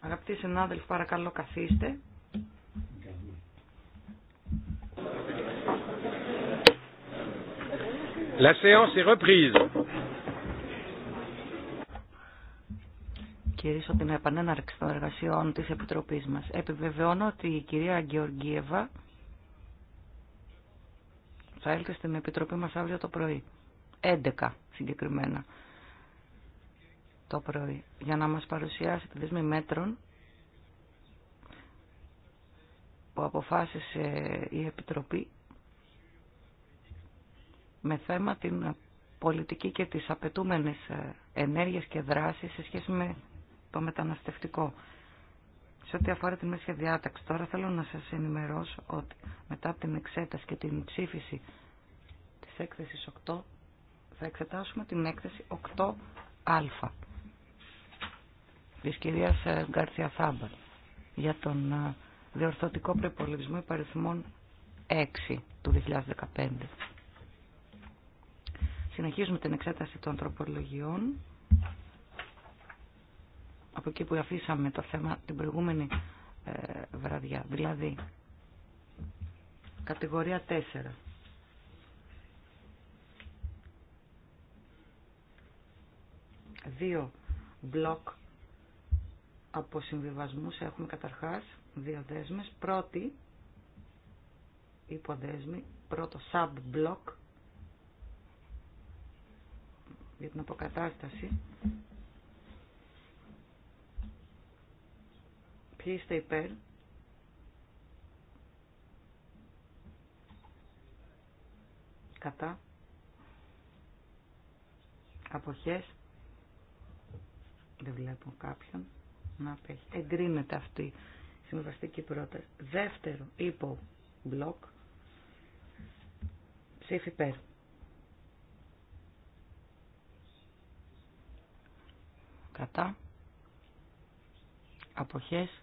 Αγαπητοί συνάδελφοι, παρακαλώ καθίστε. La séance est reprise. Κυρίσω την επανέναρξη των εργασιών της Επιτροπής μας. Επιβεβαιώνω ότι η κυρία Γεωργίεβα θα έλθει στην Επιτροπή μας αύριο το πρωί. 11 συγκεκριμένα το πρωί για να μας παρουσιάσει τη δεσμή μέτρων που αποφάσισε η Επιτροπή με θέμα την πολιτική και τις απαιτούμενες ενέργειες και δράσεις σε σχέση με το μεταναστευτικό. Σε ό,τι αφορά τη μέση διάταξη, τώρα θέλω να σας ενημερώσω ότι μετά την εξέταση και την ψήφιση της έκθεσης 8 θα εξετάσουμε την έκθεση 8α της κυρίας ε, Γκάρτσια Θάμπαλ για τον ε, διορθωτικό προπολογισμό υπαριθμών 6 του 2015. Συνεχίζουμε την εξέταση των τροπολογιών. Από εκεί που αφήσαμε το θέμα την προηγούμενη ε, βραδιά, δηλαδή κατηγορία 4. Δύο μπλοκ από συμβιβασμούς έχουμε καταρχάς δύο δέσμες. Πρώτη υποδέσμη, πρώτο sub-block για την αποκατάσταση. Ποιοι είστε υπέρ. Κατά. Αποχές. Δεν βλέπω κάποιον να απέχει. Εγκρίνεται αυτή η συμβαστική πρόταση. Δεύτερο υπό μπλοκ. Ψήφι ΠΕΡ. Κατά. Αποχές.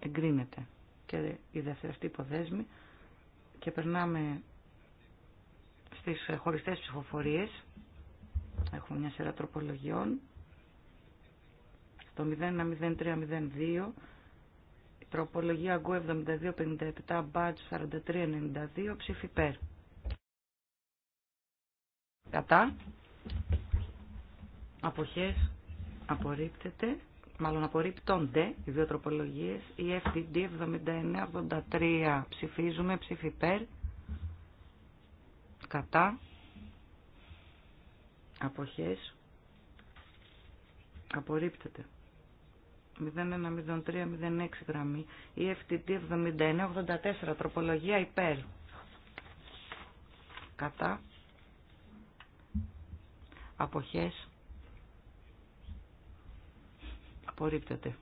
Εγκρίνεται. Και η αυτή υποδέσμη. Και περνάμε στις χωριστές ψηφοφορίες. Έχουμε μια σειρά τροπολογιών το 010302, η τροπολογία ΑΓΚΟ 7257, μπάτς 4392, ψήφι υπέρ. Κατά. Αποχές απορρίπτεται, μάλλον απορρίπτονται οι δύο τροπολογίες, η FTD 7983 ψηφίζουμε, ψήφι ΠΕΡ, κατά, αποχές, απορρίπτεται. 0103-06 γραμμή, η FTT 7984, τροπολογία υπέρ. Κατά. Αποχές. Απορρίπτεται.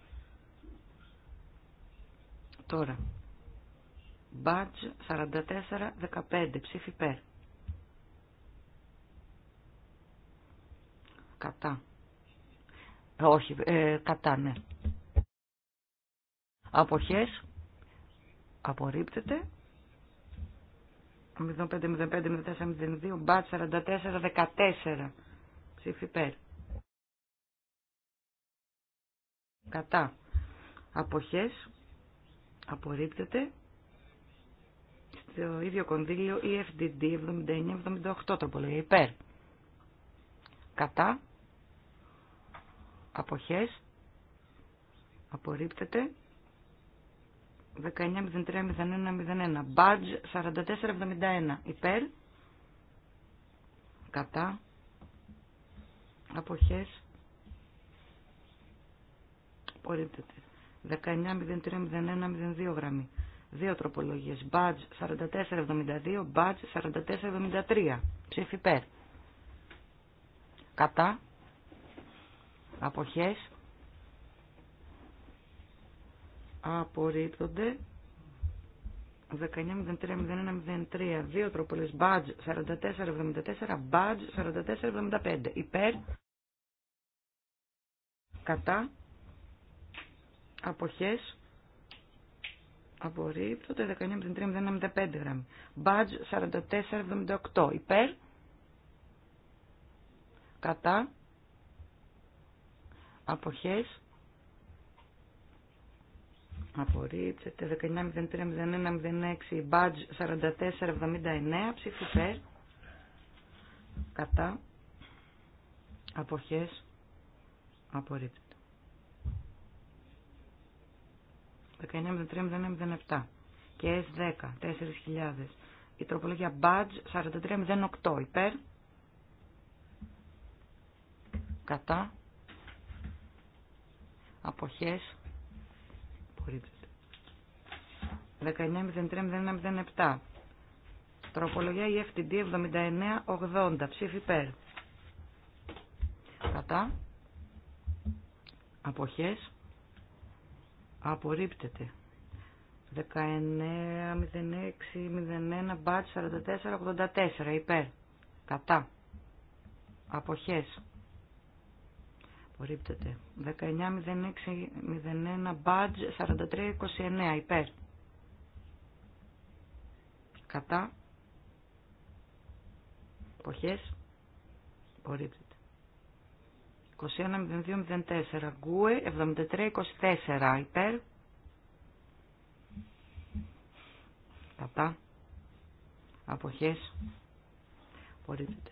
Τώρα. 4415 ψήφι υπέρ. Κατά. Όχι, ε, κατά, ναι. Αποχές. Απορρίπτεται. 05-05-04-02, μπατ 44-14. Ψήφι πέρ. Κατά. Αποχές. Απορρίπτεται. Στο ίδιο κονδύλιο EFDD 79-78 τροπολογία υπέρ. Κατά. Αποχές, απορρίπτεται, 1903-01-01, μπάτζ 44-71, υπέρ, κατά, αποχές, 19, 1903 1903-01-02, γραμμή. Δύο τροπολογίες, μπάτζ 44-72, μπάτζ 44-73, ψήφι κατά αποχές απορρίπτονται 19.03.01.03 δύο τροπολές badge 44.74 badge 44.75 υπέρ κατά αποχές απορρίπτονται 19.03.01.05 γραμμή badge 44.78 υπέρ κατά αποχές απορρίψετε, 19.03.01.06 badge 44.79 ψήφι κατά αποχές απορρίψετε. 19.03.01.07 και S10 4.000 η τροπολογία badge 43.08 υπέρ κατά αποχές απορρίπτεται. 19.03.01.07 Τροπολογία EFTD 79.80 ψήφι υπέρ. Κατά αποχές απορρίπτεται. 19.06.01 μπάτ 44.84 υπέρ. Κατά. Αποχές. Απορρίπτεται. 19.06.01 Badge 43.29 υπέρ. Κατά. Εποχές. Απορρίπτεται. 21.02.04 γκουε 73.24 υπέρ. Κατά. Αποχές. Απορρίπτεται.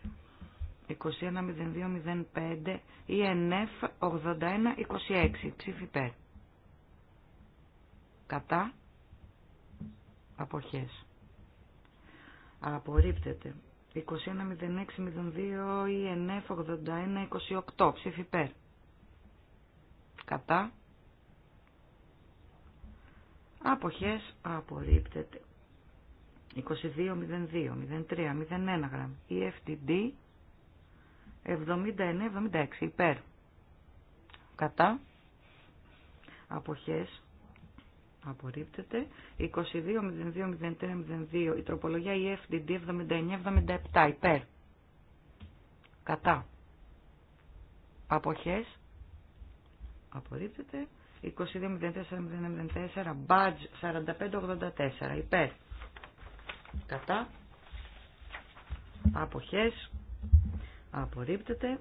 21.02.05 ENF 81.26 ψήφι Κατά αποχές. Απορρίπτεται. 21.06.02 ENF 81.28 ψήφι Κατά αποχές απορρίπτεται. 22.02.03.01 γραμμή. EFTD 79-76 υπέρ. Κατά. Αποχές. Απορρίπτεται. 22-02-03-02. Η τροπολογία EFDD 79-77 υπέρ. Κατά. Αποχές. Απορρίπτεται. 04 04 Μπάτζ 45-84 υπέρ. Κατά. Αποχές απορρίπτεται.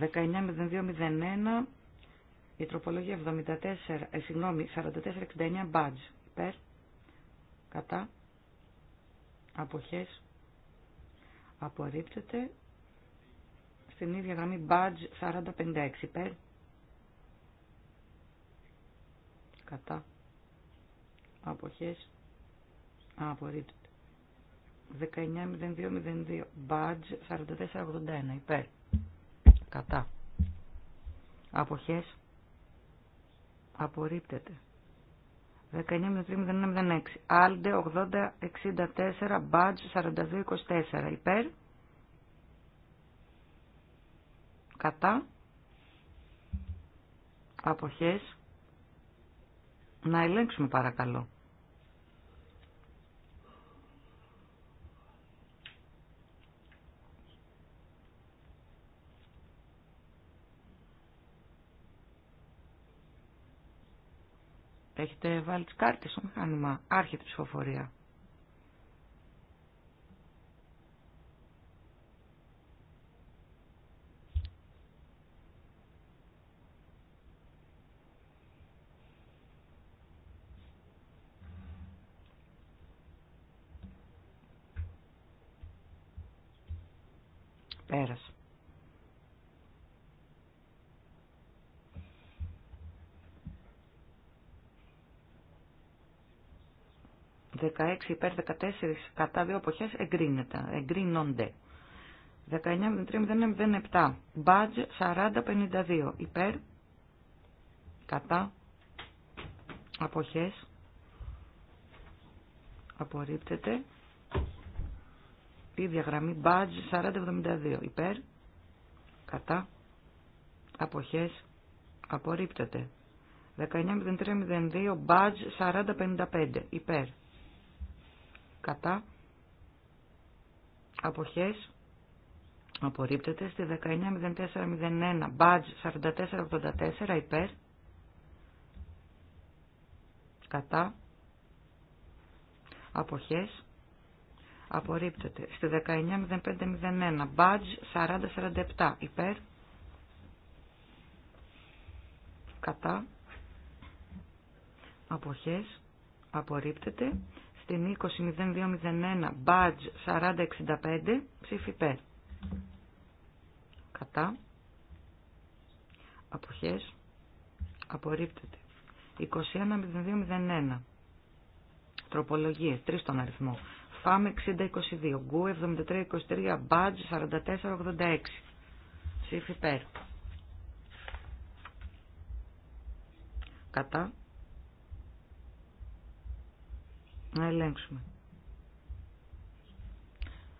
19.02.01 η τροπολογία 74, ε, συγγνώμη, 44.69 μπάτζ. Υπέρ, κατά, αποχές, απορρίπτεται. Στην ίδια γραμμή μπάτζ 40.56 υπέρ, κατά, αποχές, απορρίπτεται. 19.02.02 Badge 4481 υπέρ κατά αποχές απορρίπτεται 19.03.01.06 Άλντε 80.64 Badge 42.24 υπέρ κατά αποχές να ελέγξουμε παρακαλώ Έχετε βάλει τις κάρτες στο μηχάνημα. Άρχεται ψηφοφορία. 16 υπέρ 14 κατά δύο εποχές εγκρίνεται, εγκρίνονται. 19.03.07 Μπάτζ 40.52 υπέρ κατά αποχές απορρίπτεται η διαγραμμή Μπάτζ 40.72 υπέρ κατά αποχές απορρίπτεται 19.03.02 Μπάτζ 40.55 υπέρ κατά αποχές απορρίπτεται στη 19.04.01 μπάτζ 44.84 υπέρ κατά αποχές απορρίπτεται στη 19.05.01 μπάτζ 40.47 υπέρ κατά αποχές απορρίπτεται στην 20.02.01 Badge 4065 ψήφι υπέρ. Κατά. Αποχές. Απορρίπτεται. 21.02.01 Τροπολογίες. 3 στον αριθμό. ΦΑΜ 6022. Γκου 7323. Badge 4486. Ψήφι υπέρ. Κατά. Να ελέγξουμε.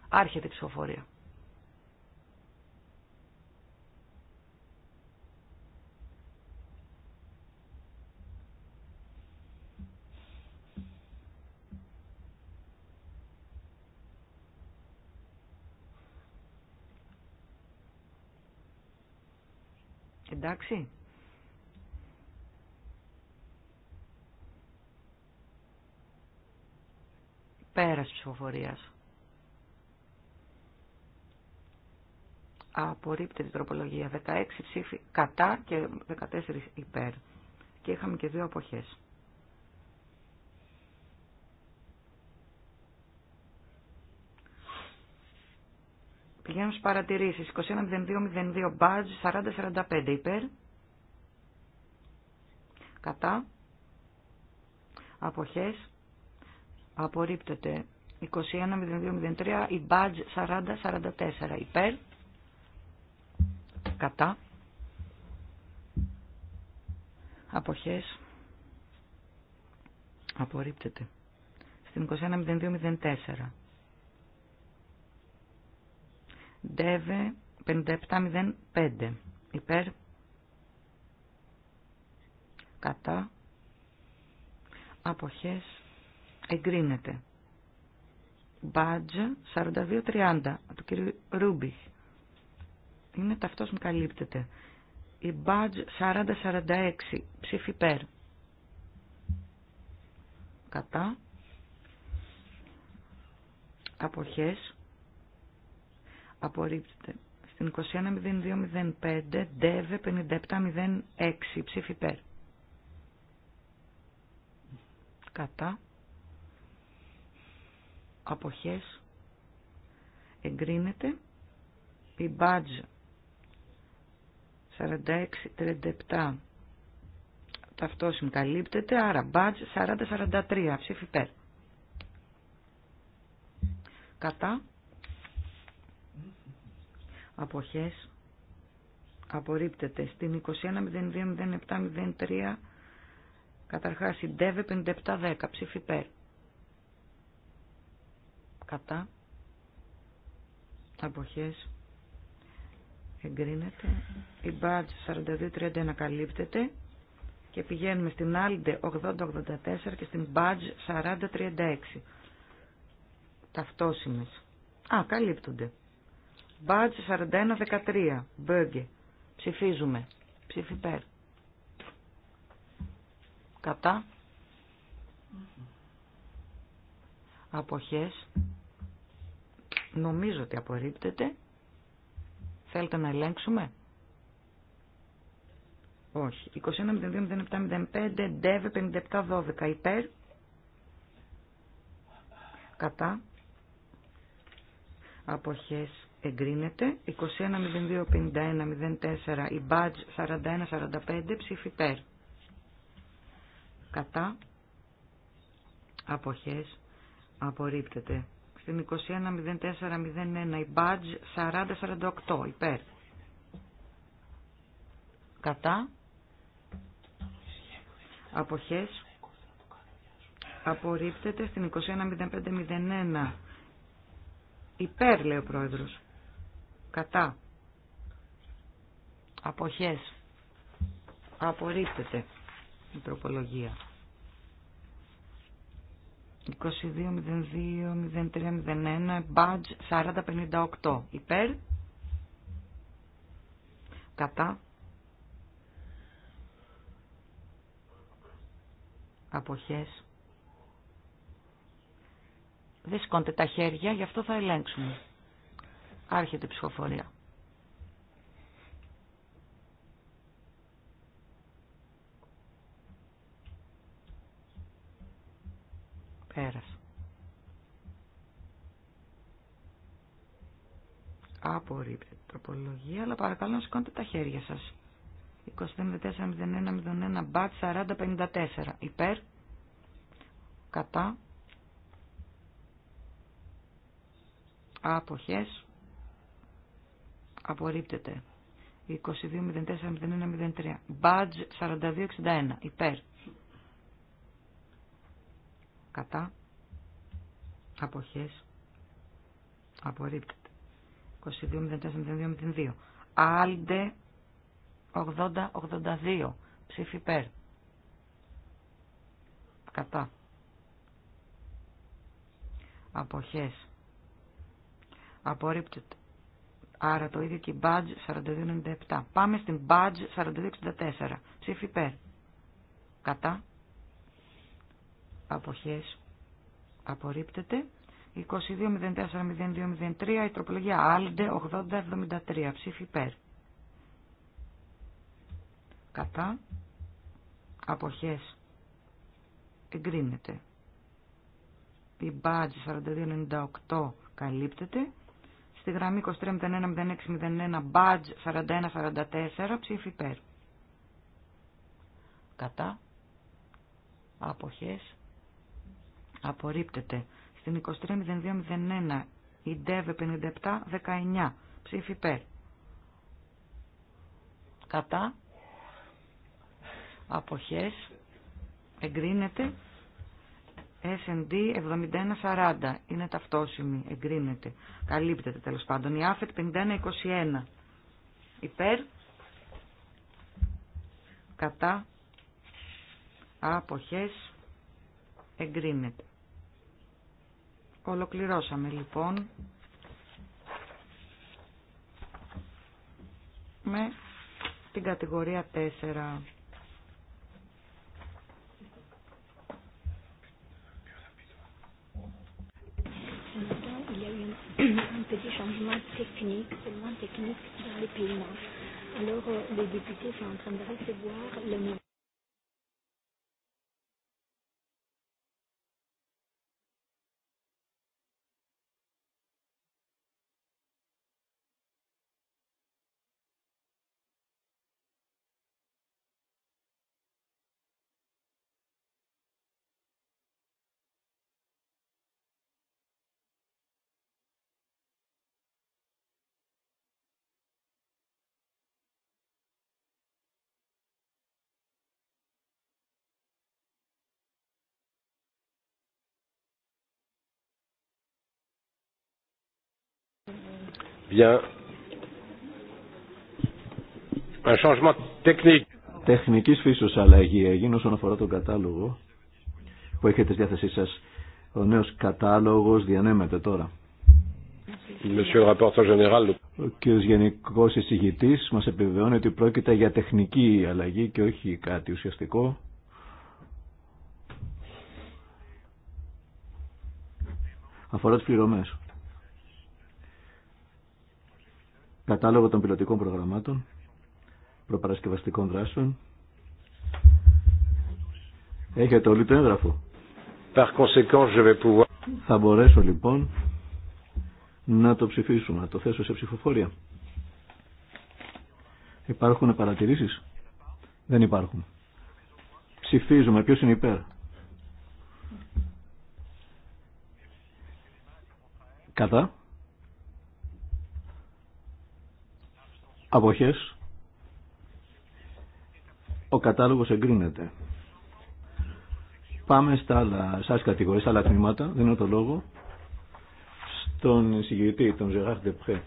Άρχεται η ψηφοφορία. Εντάξει. Πέρας ψηφοφορίας. Απορρίπτεται την τροπολογία. 16 ψήφοι κατά και 14 υπέρ. Και είχαμε και δύο αποχές. Πηγαίνουμε στις παρατηρήσεις. 21.02.02 μπάζ 40.45 υπέρ. Κατά. Αποχές απορρίπτεται. 21.02.03 η badge 40.44 υπέρ κατά αποχές απορρίπτεται στην 21.02.04 ΔΕΒΕ 57.05 υπέρ κατά αποχές εγκρίνεται. Μπάτζε 4230 του κ. Ρούμπιχ. Είναι ταυτός καλύπτεται. Η Μπάτζ 4046 ψήφι υπέρ. Κατά. Αποχές. Απορρίπτεται. Στην 21.02.05 ΔΕΒΕ 57.06 ψήφι υπέρ. Κατά αποχές εγκρίνεται η μπάτζ 46-37 ταυτόσιμη καλύπτεται άρα μπάτζ 40-43 ψήφι πέρ κατά αποχές απορρίπτεται στην 21-02-07-03 καταρχάς η ντεβε 57-10 ψήφι πέρ κατά αποχές εγκρίνεται η μπάτζ 42-31 καλύπτεται και πηγαίνουμε στην αλλη 80 80-84 και στην μπάτζ 40-36 ταυτόσιμες α καλύπτονται μπάτζ 41-13 ψηφίζουμε ψήφι πέρ κατά αποχές Νομίζω ότι απορρίπτεται. Θέλετε να ελέγξουμε. Όχι. 21.02.07.05 ΔΕΒΕ 57.12 υπέρ. Κατά. Αποχές εγκρίνεται. 21.02.51.04 η μπάτζ 41.45 ψήφι υπέρ. Κατά. Αποχές απορρίπτεται στην 210401 η badge 4048 υπέρ. Κατά. Αποχές. Απορρίπτεται στην 210501 υπέρ λέει ο πρόεδρος. Κατά. Αποχές. Απορρίπτεται η τροπολογία. 22.02.03.01 Badge 4058 υπέρ κατά αποχές δεν σηκώνετε τα χέρια γι' αυτό θα ελέγξουμε άρχεται η ψηφοφορία Πέρας. Απορρίπτεται τροπολογία, αλλά παρακαλώ να σηκώνετε τα χέρια σας. 25.04.01.01 μπατ 40.54 υπέρ κατά αποχές απορρίπτεται 22.04.01.03 Μπατζ 42.61 υπέρ κατά, αποχές, απορρίπτεται. 22.04.02. Άλντε 80.82. Ψήφι ΠΕΡ. Κατά. Αποχές. Απορρίπτεται. Άρα το ίδιο και η badge 4297. Πάμε στην badge 4264. Ψήφι ΠΕΡ. Κατά αποχές απορρίπτεται. 22-04-02-03, η τροπολογία ALDE 80-73, ψήφι υπέρ. Κατά, αποχές εγκρίνεται. Η μπάτζη 42-98 καλύπτεται. Στη γραμμή 23-01-06-01, μπάτζ 41-44, ψήφι υπέρ. Κατά, αποχές Απορρίπτεται. Στην 23.02.01 η ΔΕΒ 57.19 ψήφι υπέρ. Κατά. Αποχές. Εγκρίνεται. S&D 7140 είναι ταυτόσημη, εγκρίνεται, καλύπτεται τέλος πάντων. Η ΑΦΕΤ 5121 υπέρ, κατά, αποχές, εγκρίνεται. Ολοκληρώσαμε λοιπόν με την κατηγορία 4. Alors, les députés sont Bien. Un changement technique. Τεχνική φύσεω αλλαγή έγινε όσον αφορά τον κατάλογο που έχετε στη διάθεσή σα. Ο νέο κατάλογο διανέμεται τώρα. Ο κ. Γενικό Εισηγητή μα επιβεβαιώνει ότι πρόκειται για τεχνική αλλαγή και όχι κάτι ουσιαστικό. Αφορά τι πληρωμέ. κατάλογο των πιλωτικών προγραμμάτων, προπαρασκευαστικών δράσεων. Έχετε όλοι το έγγραφο. Θα μπορέσω λοιπόν να το ψηφίσουμε, να το θέσω σε ψηφοφορία. Υπάρχουν παρατηρήσεις. Δεν υπάρχουν. Ψηφίζουμε. Ποιος είναι υπέρ. Κατά. Αποχές. Ο κατάλογος εγκρίνεται. Πάμε στα άλλα, σας κατηγορίες, στα άλλα τμήματα, δίνω το λόγο, στον συγκεκριτή, τον Ζεράχ Ντεπρέ.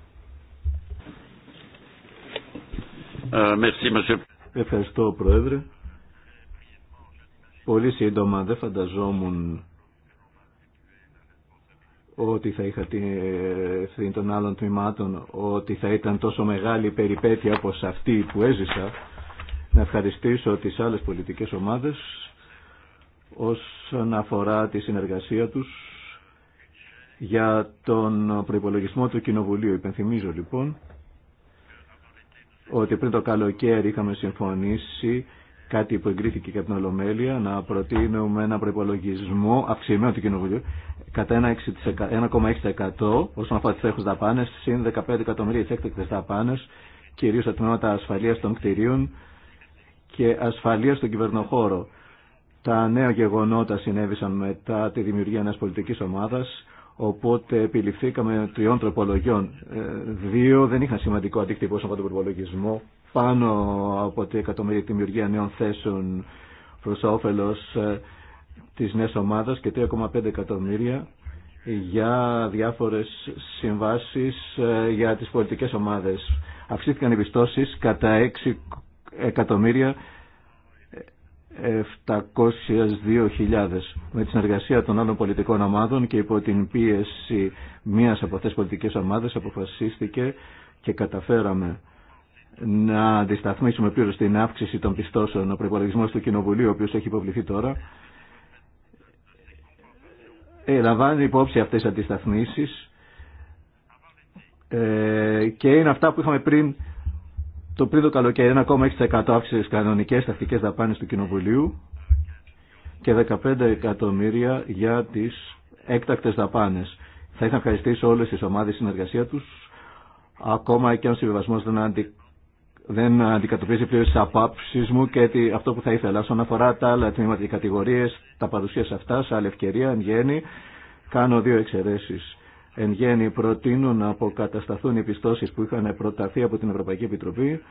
Ευχαριστώ, Πρόεδρε. Πολύ σύντομα, δεν φανταζόμουν ότι θα είχα ευθύνη των άλλων τμήματων, ότι θα ήταν τόσο μεγάλη περιπέτεια όπως αυτή που έζησα. Να ευχαριστήσω τις άλλες πολιτικές ομάδες όσον αφορά τη συνεργασία τους για τον προϋπολογισμό του Κοινοβουλίου. Υπενθυμίζω λοιπόν ότι πριν το καλοκαίρι είχαμε συμφωνήσει κάτι που εγκρίθηκε και από την Ολομέλεια, να προτείνουμε ένα προπολογισμό αυξημένο του Κοινοβουλίου κατά 1,6% όσον αφορά τις τρέχους δαπάνες, συν 15 εκατομμύρια έκτακτες δαπάνες, κυρίως τα τμήματα ασφαλείας των κτηρίων και ασφαλεία στον κυβερνοχώρο. Τα νέα γεγονότα συνέβησαν μετά τη δημιουργία μιας πολιτικής ομάδας, οπότε επιληφθήκαμε τριών τροπολογιών. Ε, δύο δεν είχαν σημαντικό αντίκτυπο όσον αφορά τον προπολογισμό, πάνω από τη εκατομμύρια δημιουργία νέων θέσεων προς όφελο. Ε, της νέας ομάδας και 3,5 εκατομμύρια για διάφορες συμβάσεις ε, για τις πολιτικές ομάδες. Αυξήθηκαν οι πιστώσεις κατά 6 εκατομμύρια 702.000 ε, με τη συνεργασία των άλλων πολιτικών ομάδων και υπό την πίεση μίας από αυτές τις πολιτικές ομάδες αποφασίστηκε και καταφέραμε να αντισταθμίσουμε πλήρως την αύξηση των πιστώσεων. Ο προπολογισμό του Κοινοβουλίου, ο οποίος έχει υποβληθεί τώρα, ε, υπόψη αυτές τις αντισταθμίσεις ε, και είναι αυτά που είχαμε πριν το πριν το καλοκαίρι 1,6% αύξηση κανονικέ κανονικές δαπάνε δαπάνες του Κοινοβουλίου και 15 εκατομμύρια για τις έκτακτες δαπάνες. Θα ήθελα να ευχαριστήσω όλες τις ομάδες συνεργασία τους ακόμα και αν ο συμβιβασμό δεν δεν αντικατοπίζει πλήρω τι απόψει μου και αυτό που θα ήθελα. Όσον αφορά τα άλλα τμήματα και κατηγορίε, τα σε αυτά σε άλλη ευκαιρία. Εν γέννη, κάνω δύο εξαιρέσει. Εν γέννη, προτείνω να αποκατασταθούν οι πιστώσει που είχαν προταθεί από την Ευρωπαϊκή Επιτροπή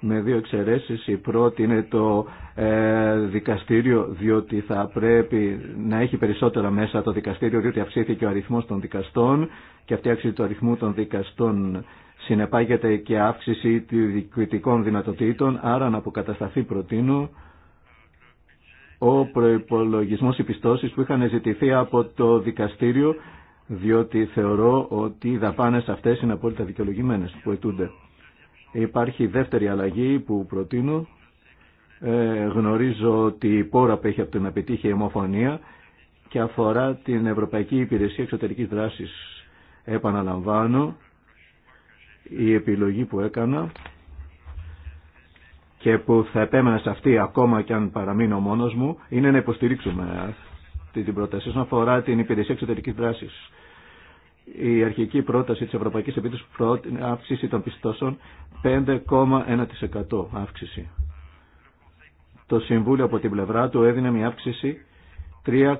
με δύο εξαιρέσει. Η πρώτη είναι το ε, δικαστήριο, διότι θα πρέπει να έχει περισσότερα μέσα το δικαστήριο, διότι αυξήθηκε ο αριθμό των δικαστών και αυτή η αύξηση του αριθμού των δικαστών συνεπάγεται και αύξηση των διοικητικών δυνατοτήτων, άρα να αποκατασταθεί προτείνω ο προπολογισμό επιστώσει που είχαν ζητηθεί από το δικαστήριο, διότι θεωρώ ότι οι δαπάνε αυτέ είναι απόλυτα δικαιολογημένε που ετούνται. Υπάρχει δεύτερη αλλαγή που προτείνω. Ε, γνωρίζω ότι η πόρα που έχει από την επιτύχει η και αφορά την Ευρωπαϊκή Υπηρεσία Εξωτερικής Δράσης. Επαναλαμβάνω η επιλογή που έκανα και που θα επέμενα σε αυτή ακόμα και αν παραμείνω μόνος μου είναι να υποστηρίξουμε αυτή την πρόταση όσον αφορά την υπηρεσία εξωτερικής δράση. Η αρχική πρόταση της Ευρωπαϊκής Επίτροπης πρότεινε αύξηση των πιστώσεων 5,1% αύξηση. Το Συμβούλιο από την πλευρά του έδινε μια αύξηση 3,79%.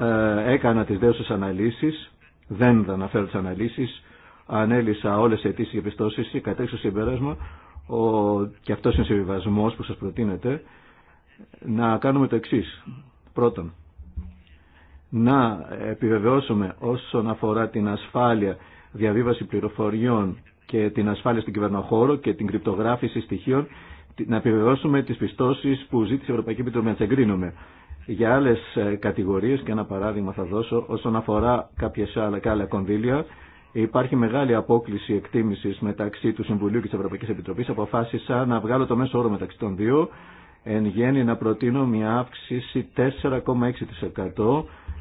Ε, έκανα τις δέωσες αναλύσεις δεν θα αναφέρω τι αναλύσει. Ανέλησα όλε τι αιτήσει και πιστώσει και κατέξω συμπέρασμα, ο, και αυτό είναι ο συμβιβασμό που σα προτείνεται, να κάνουμε το εξή. Πρώτον, να επιβεβαιώσουμε όσον αφορά την ασφάλεια διαβίβαση πληροφοριών και την ασφάλεια στον κυβερνοχώρο και την κρυπτογράφηση στοιχείων, να επιβεβαιώσουμε τι πιστώσει που ζήτησε η Ευρωπαϊκή Επιτροπή να τι εγκρίνουμε για άλλες ε, κατηγορίες και ένα παράδειγμα θα δώσω όσον αφορά κάποιες άλλα, άλλα κονδύλια Υπάρχει μεγάλη απόκληση εκτίμηση μεταξύ του Συμβουλίου και τη Ευρωπαϊκή Επιτροπή. Αποφάσισα να βγάλω το μέσο όρο μεταξύ των δύο. Εν γέννη να προτείνω μια αύξηση 4,6%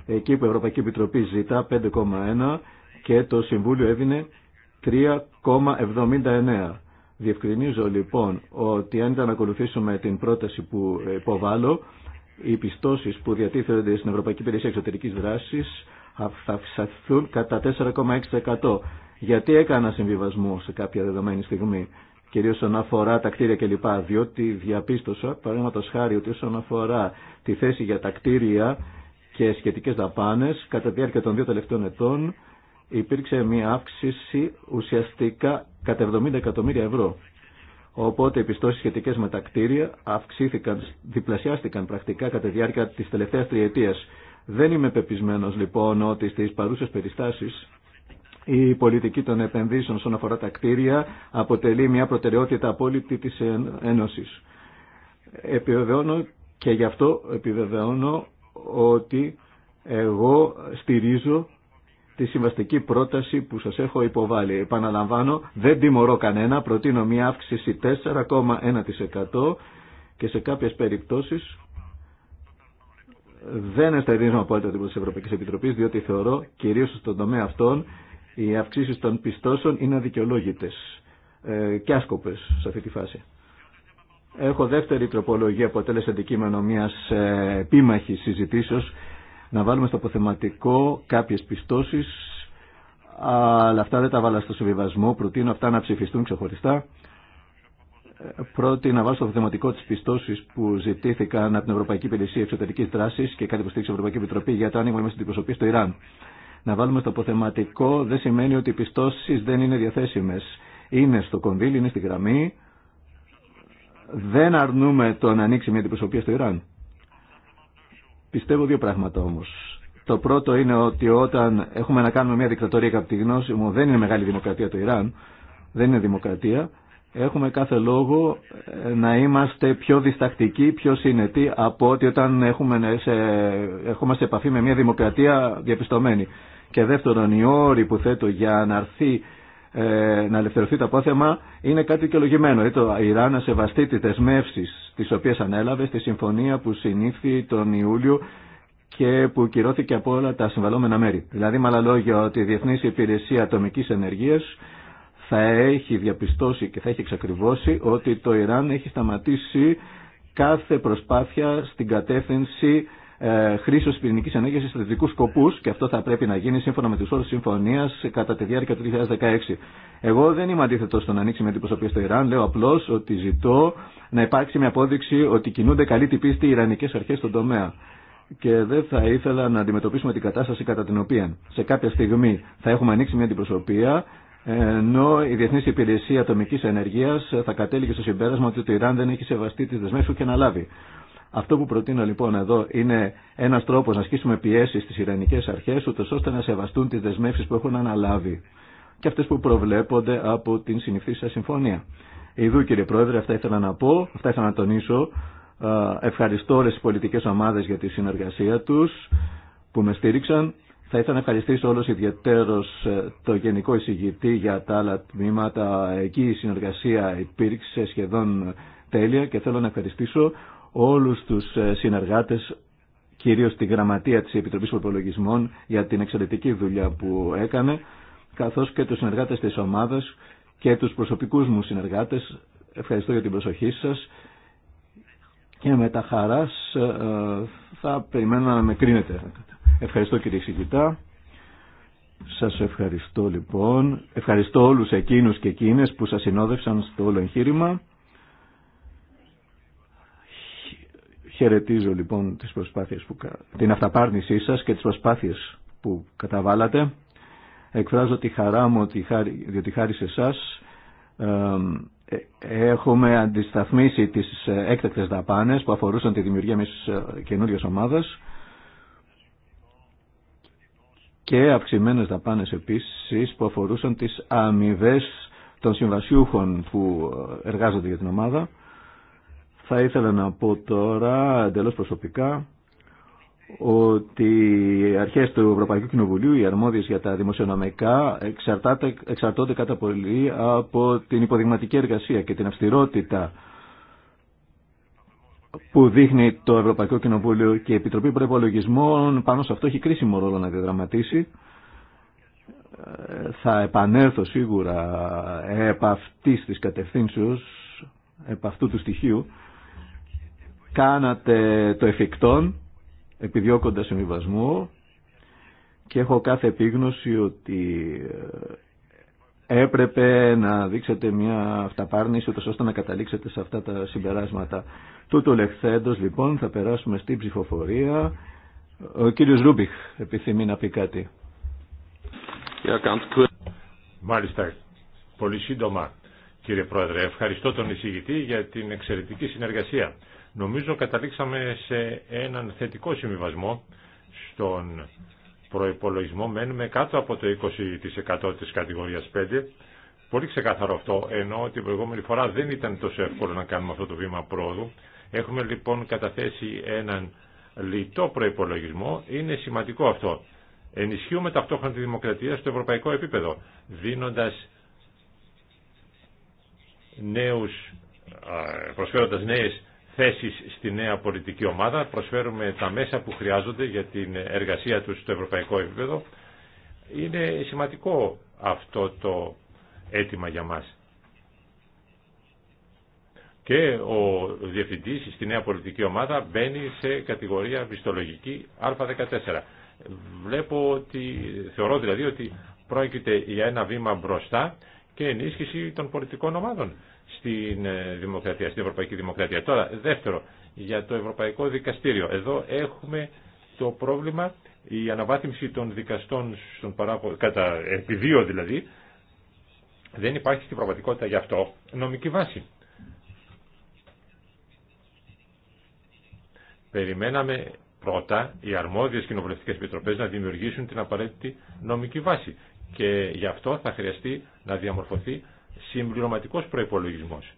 εκεί που η Ευρωπαϊκή Επιτροπή ζητά 5,1% και το Συμβούλιο έδινε 3,79%. Διευκρινίζω λοιπόν ότι αν ήταν να ακολουθήσουμε την πρόταση που ε, υποβάλλω, οι πιστώσει που διατίθενται στην Ευρωπαϊκή Υπηρεσία Εξωτερική Δράση θα αυξηθούν κατά 4,6%. Γιατί έκανα συμβιβασμό σε κάποια δεδομένη στιγμή, κυρίω όσον αφορά τα κτίρια κλπ. Διότι διαπίστωσα, παραδείγματο χάρη, ότι όσον αφορά τη θέση για τα κτίρια και σχετικέ δαπάνε, κατά τη διάρκεια των δύο τελευταίων ετών υπήρξε μια αύξηση ουσιαστικά κατά 70 εκατομμύρια ευρώ. Οπότε οι πιστώσει σχετικέ με τα κτίρια αυξήθηκαν, διπλασιάστηκαν πρακτικά κατά τη διάρκεια τη τελευταία τριετία. Δεν είμαι πεπισμένο λοιπόν ότι στι παρούσε περιστάσει η πολιτική των επενδύσεων στον αφορά τα κτίρια αποτελεί μια προτεραιότητα απόλυτη τη Ένωση. Επιβεβαιώνω και γι' αυτό επιβεβαιώνω ότι εγώ στηρίζω τη συμβαστική πρόταση που σας έχω υποβάλει. Επαναλαμβάνω, δεν τιμωρώ κανένα, προτείνω μια αύξηση 4,1% και σε κάποιες περιπτώσεις δεν εστερίζω το τύπο τη Ευρωπαϊκή Επιτροπή, διότι θεωρώ κυρίως στον τομέα αυτών οι αυξήσει των πιστώσεων είναι αδικαιολόγητε ε, και άσκοπε σε αυτή τη φάση. Έχω δεύτερη τροπολογία που αποτέλεσε αντικείμενο μια ε, επίμαχη συζητήσεω να βάλουμε στο αποθεματικό κάποιες πιστώσεις, αλλά αυτά δεν τα βάλα στο συμβιβασμό, προτείνω αυτά να ψηφιστούν ξεχωριστά. Πρώτη, να βάλω στο αποθεματικό τι πιστώσει που ζητήθηκαν από την Ευρωπαϊκή Υπηρεσία Εξωτερική Δράση και κάτι που στήριξε η Ευρωπαϊκή Επιτροπή για το άνοιγμα μέσα στην προσωπή στο Ιράν. Να βάλουμε στο αποθεματικό δεν σημαίνει ότι οι πιστώσει δεν είναι διαθέσιμε. Είναι στο κονδύλι, είναι στη γραμμή. Δεν αρνούμε το να μια αντιπροσωπεία στο Ιράν. Πιστεύω δύο πράγματα όμω. Το πρώτο είναι ότι όταν έχουμε να κάνουμε μια δικτατορία κατά τη γνώση μου, δεν είναι μεγάλη δημοκρατία το Ιράν, δεν είναι δημοκρατία, έχουμε κάθε λόγο ε, να είμαστε πιο διστακτικοί, πιο συνετοί από ότι όταν έχουμε σε, έχουμε σε επαφή με μια δημοκρατία διαπιστωμένη. Και δεύτερον, οι όροι που θέτω για να έρθει ε, να ελευθερωθεί το απόθεμα είναι κάτι δικαιολογημένο. Ε, το Ιράν να σεβαστεί τι δεσμεύσει τι οποίε ανέλαβε στη συμφωνία που συνήθι τον Ιούλιο και που κυρώθηκε από όλα τα συμβαλόμενα μέρη. Δηλαδή, με άλλα λόγια, ότι η Διεθνή Υπηρεσία Ατομική Ενεργεία θα έχει διαπιστώσει και θα έχει εξακριβώσει ότι το Ιράν έχει σταματήσει κάθε προσπάθεια στην κατεύθυνση ε, χρήσεω πυρηνική ενέργεια σε στρατιωτικού σκοπού και αυτό θα πρέπει να γίνει σύμφωνα με του όρου συμφωνία κατά τη διάρκεια του 2016. Εγώ δεν είμαι αντίθετο στο να ανοίξει με αντιπροσωπεία στο Ιράν. Λέω απλώ ότι ζητώ να υπάρξει μια απόδειξη ότι κινούνται καλή την πίστη οι Ιρανικέ αρχέ στον τομέα. Και δεν θα ήθελα να αντιμετωπίσουμε την κατάσταση κατά την οποία σε κάποια στιγμή θα έχουμε ανοίξει μια αντιπροσωπεία ενώ η Διεθνή Υπηρεσία Ατομική Ενεργεία θα κατέληγε στο συμπέρασμα ότι το Ιράν δεν έχει σεβαστεί τι δεσμεύσει και να λάβει. Αυτό που προτείνω λοιπόν εδώ είναι ένας τρόπος να ασκήσουμε πιέσεις στις Ιρανικές αρχές, ούτως ώστε να σεβαστούν τις δεσμεύσεις που έχουν αναλάβει και αυτές που προβλέπονται από την συνηθίσια συμφωνία. Ειδού κύριε Πρόεδρε, αυτά ήθελα να πω, αυτά ήθελα να τονίσω. Ευχαριστώ όλες τις πολιτικές ομάδες για τη συνεργασία τους που με στήριξαν. Θα ήθελα να ευχαριστήσω όλους ιδιαίτερος ε, το Γενικό Εισηγητή για τα άλλα τμήματα. Εκεί η συνεργασία υπήρξε σχεδόν τέλεια και θέλω να ευχαριστήσω όλους τους ε, συνεργάτες, κυρίως τη γραμματεία της Επιτροπής Προπολογισμών για την εξαιρετική δουλειά που έκανε, καθώς και τους συνεργάτες της ομάδας και τους προσωπικούς μου συνεργάτες. Ευχαριστώ για την προσοχή σας και με τα χαράς ε, θα περιμένω να με κρίνετε. Ευχαριστώ κύριε Σιγητά. Σας ευχαριστώ λοιπόν. Ευχαριστώ όλους εκείνους και εκείνες που σας συνόδευσαν στο όλο εγχείρημα. Χαιρετίζω λοιπόν τις προσπάθειες που, την αυταπάρνησή σας και τις προσπάθειες που καταβάλατε. Εκφράζω τη χαρά μου ότι χάρη, διότι χάρη σε εσάς ε, έχουμε αντισταθμίσει τις ε, έκτακτες δαπάνες που αφορούσαν τη δημιουργία μιας ε, καινούργιας ομάδας και αυξημένες δαπάνες επίσης που αφορούσαν τις αμοιβέ των συμβασιούχων που εργάζονται για την ομάδα θα ήθελα να πω τώρα εντελώ προσωπικά ότι οι αρχέ του Ευρωπαϊκού Κοινοβουλίου, οι αρμόδιε για τα δημοσιονομικά, εξαρτώνται κατά πολύ από την υποδειγματική εργασία και την αυστηρότητα που δείχνει το Ευρωπαϊκό Κοινοβούλιο και η Επιτροπή Προπολογισμών πάνω σε αυτό έχει κρίσιμο ρόλο να διαδραματίσει. Ε, θα επανέλθω σίγουρα επ' αυτής της κατευθύνσεως, επ' αυτού του στοιχείου κάνατε το εφικτόν επιδιώκοντας συμβιβασμό και έχω κάθε επίγνωση ότι ε, έπρεπε να δείξετε μια αυταπάρνηση ώστε να καταλήξετε σε αυτά τα συμπεράσματα. Τούτο λεχθέντος λοιπόν θα περάσουμε στην ψηφοφορία. Ο κύριος Ρούμπιχ επιθυμεί να πει κάτι. Μάλιστα, πολύ σύντομα κύριε Πρόεδρε. Ευχαριστώ τον εισηγητή για την εξαιρετική συνεργασία. Νομίζω καταλήξαμε σε έναν θετικό συμβιβασμό στον προϋπολογισμό. Μένουμε κάτω από το 20% της κατηγορίας 5. Πολύ ξεκάθαρο αυτό, ενώ την προηγούμενη φορά δεν ήταν τόσο εύκολο να κάνουμε αυτό το βήμα πρόοδου. Έχουμε λοιπόν καταθέσει έναν λιτό προϋπολογισμό. Είναι σημαντικό αυτό. Ενισχύουμε ταυτόχρονα τη δημοκρατία στο ευρωπαϊκό επίπεδο, δίνοντας νέους, προσφέροντας νέες θέσεις στη νέα πολιτική ομάδα, προσφέρουμε τα μέσα που χρειάζονται για την εργασία τους στο ευρωπαϊκό επίπεδο. Είναι σημαντικό αυτό το αίτημα για μας. Και ο διευθυντής στη νέα πολιτική ομάδα μπαίνει σε κατηγορία βιστολογική Α14. Βλέπω ότι, θεωρώ δηλαδή ότι πρόκειται για ένα βήμα μπροστά και ενίσχυση των πολιτικών ομάδων στην ε, δημοκρατία, στην ευρωπαϊκή δημοκρατία. Τώρα, δεύτερο, για το Ευρωπαϊκό Δικαστήριο. Εδώ έχουμε το πρόβλημα, η αναβάθμιση των δικαστών στον κατά επιδίω δηλαδή, δεν υπάρχει στην πραγματικότητα γι' αυτό νομική βάση. Περιμέναμε πρώτα οι αρμόδιες κοινοβουλευτικές επιτροπές να δημιουργήσουν την απαραίτητη νομική βάση και γι' αυτό θα χρειαστεί να διαμορφωθεί συμπληρωματικός προϋπολογισμός.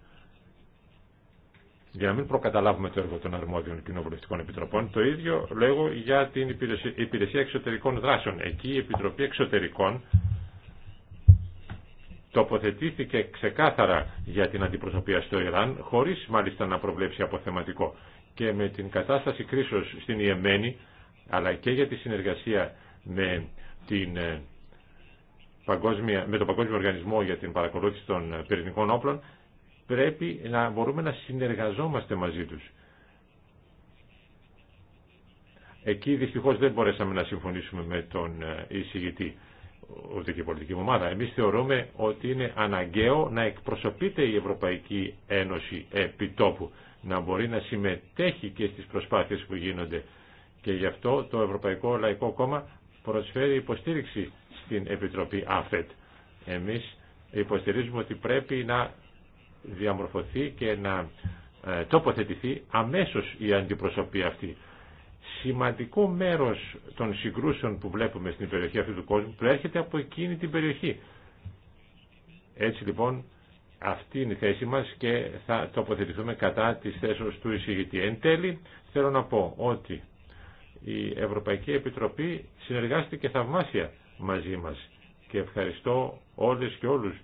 Για να μην προκαταλάβουμε το έργο των αρμόδιων κοινοβουλευτικών επιτροπών, το ίδιο λέγω για την υπηρεσία εξωτερικών δράσεων. Εκεί η Επιτροπή Εξωτερικών τοποθετήθηκε ξεκάθαρα για την αντιπροσωπεία στο Ιράν, χωρίς μάλιστα να προβλέψει αποθεματικό. Και με την κατάσταση κρίσεως στην Ιεμένη, αλλά και για τη συνεργασία με την ε, με τον Παγκόσμιο Οργανισμό για την Παρακολούθηση των Πυρηνικών Όπλων πρέπει να μπορούμε να συνεργαζόμαστε μαζί τους. Εκεί δυστυχώς δεν μπορέσαμε να συμφωνήσουμε με τον ε, εισηγητή ούτε και η πολιτική ομάδα. Εμείς θεωρούμε ότι είναι αναγκαίο να εκπροσωπείται η Ευρωπαϊκή Ένωση επί τόπου να μπορεί να συμμετέχει και στις προσπάθειες που γίνονται. Και γι' αυτό το Ευρωπαϊκό Λαϊκό Κόμμα προσφέρει υποστήριξη στην Επιτροπή ΑΦΕΤ. Εμείς υποστηρίζουμε ότι πρέπει να διαμορφωθεί και να ε, τοποθετηθεί αμέσως η αντιπροσωπή αυτή. Σημαντικό μέρος των συγκρούσεων που βλέπουμε στην περιοχή αυτού του κόσμου προέρχεται από εκείνη την περιοχή. Έτσι λοιπόν αυτή είναι η θέση μας και θα τοποθετηθούμε κατά της θέσεως του εισηγητή. Εν τέλει θέλω να πω ότι η Ευρωπαϊκή Επιτροπή συνεργάστηκε θαυμάσια μαζί μας. Και ευχαριστώ όλες και όλους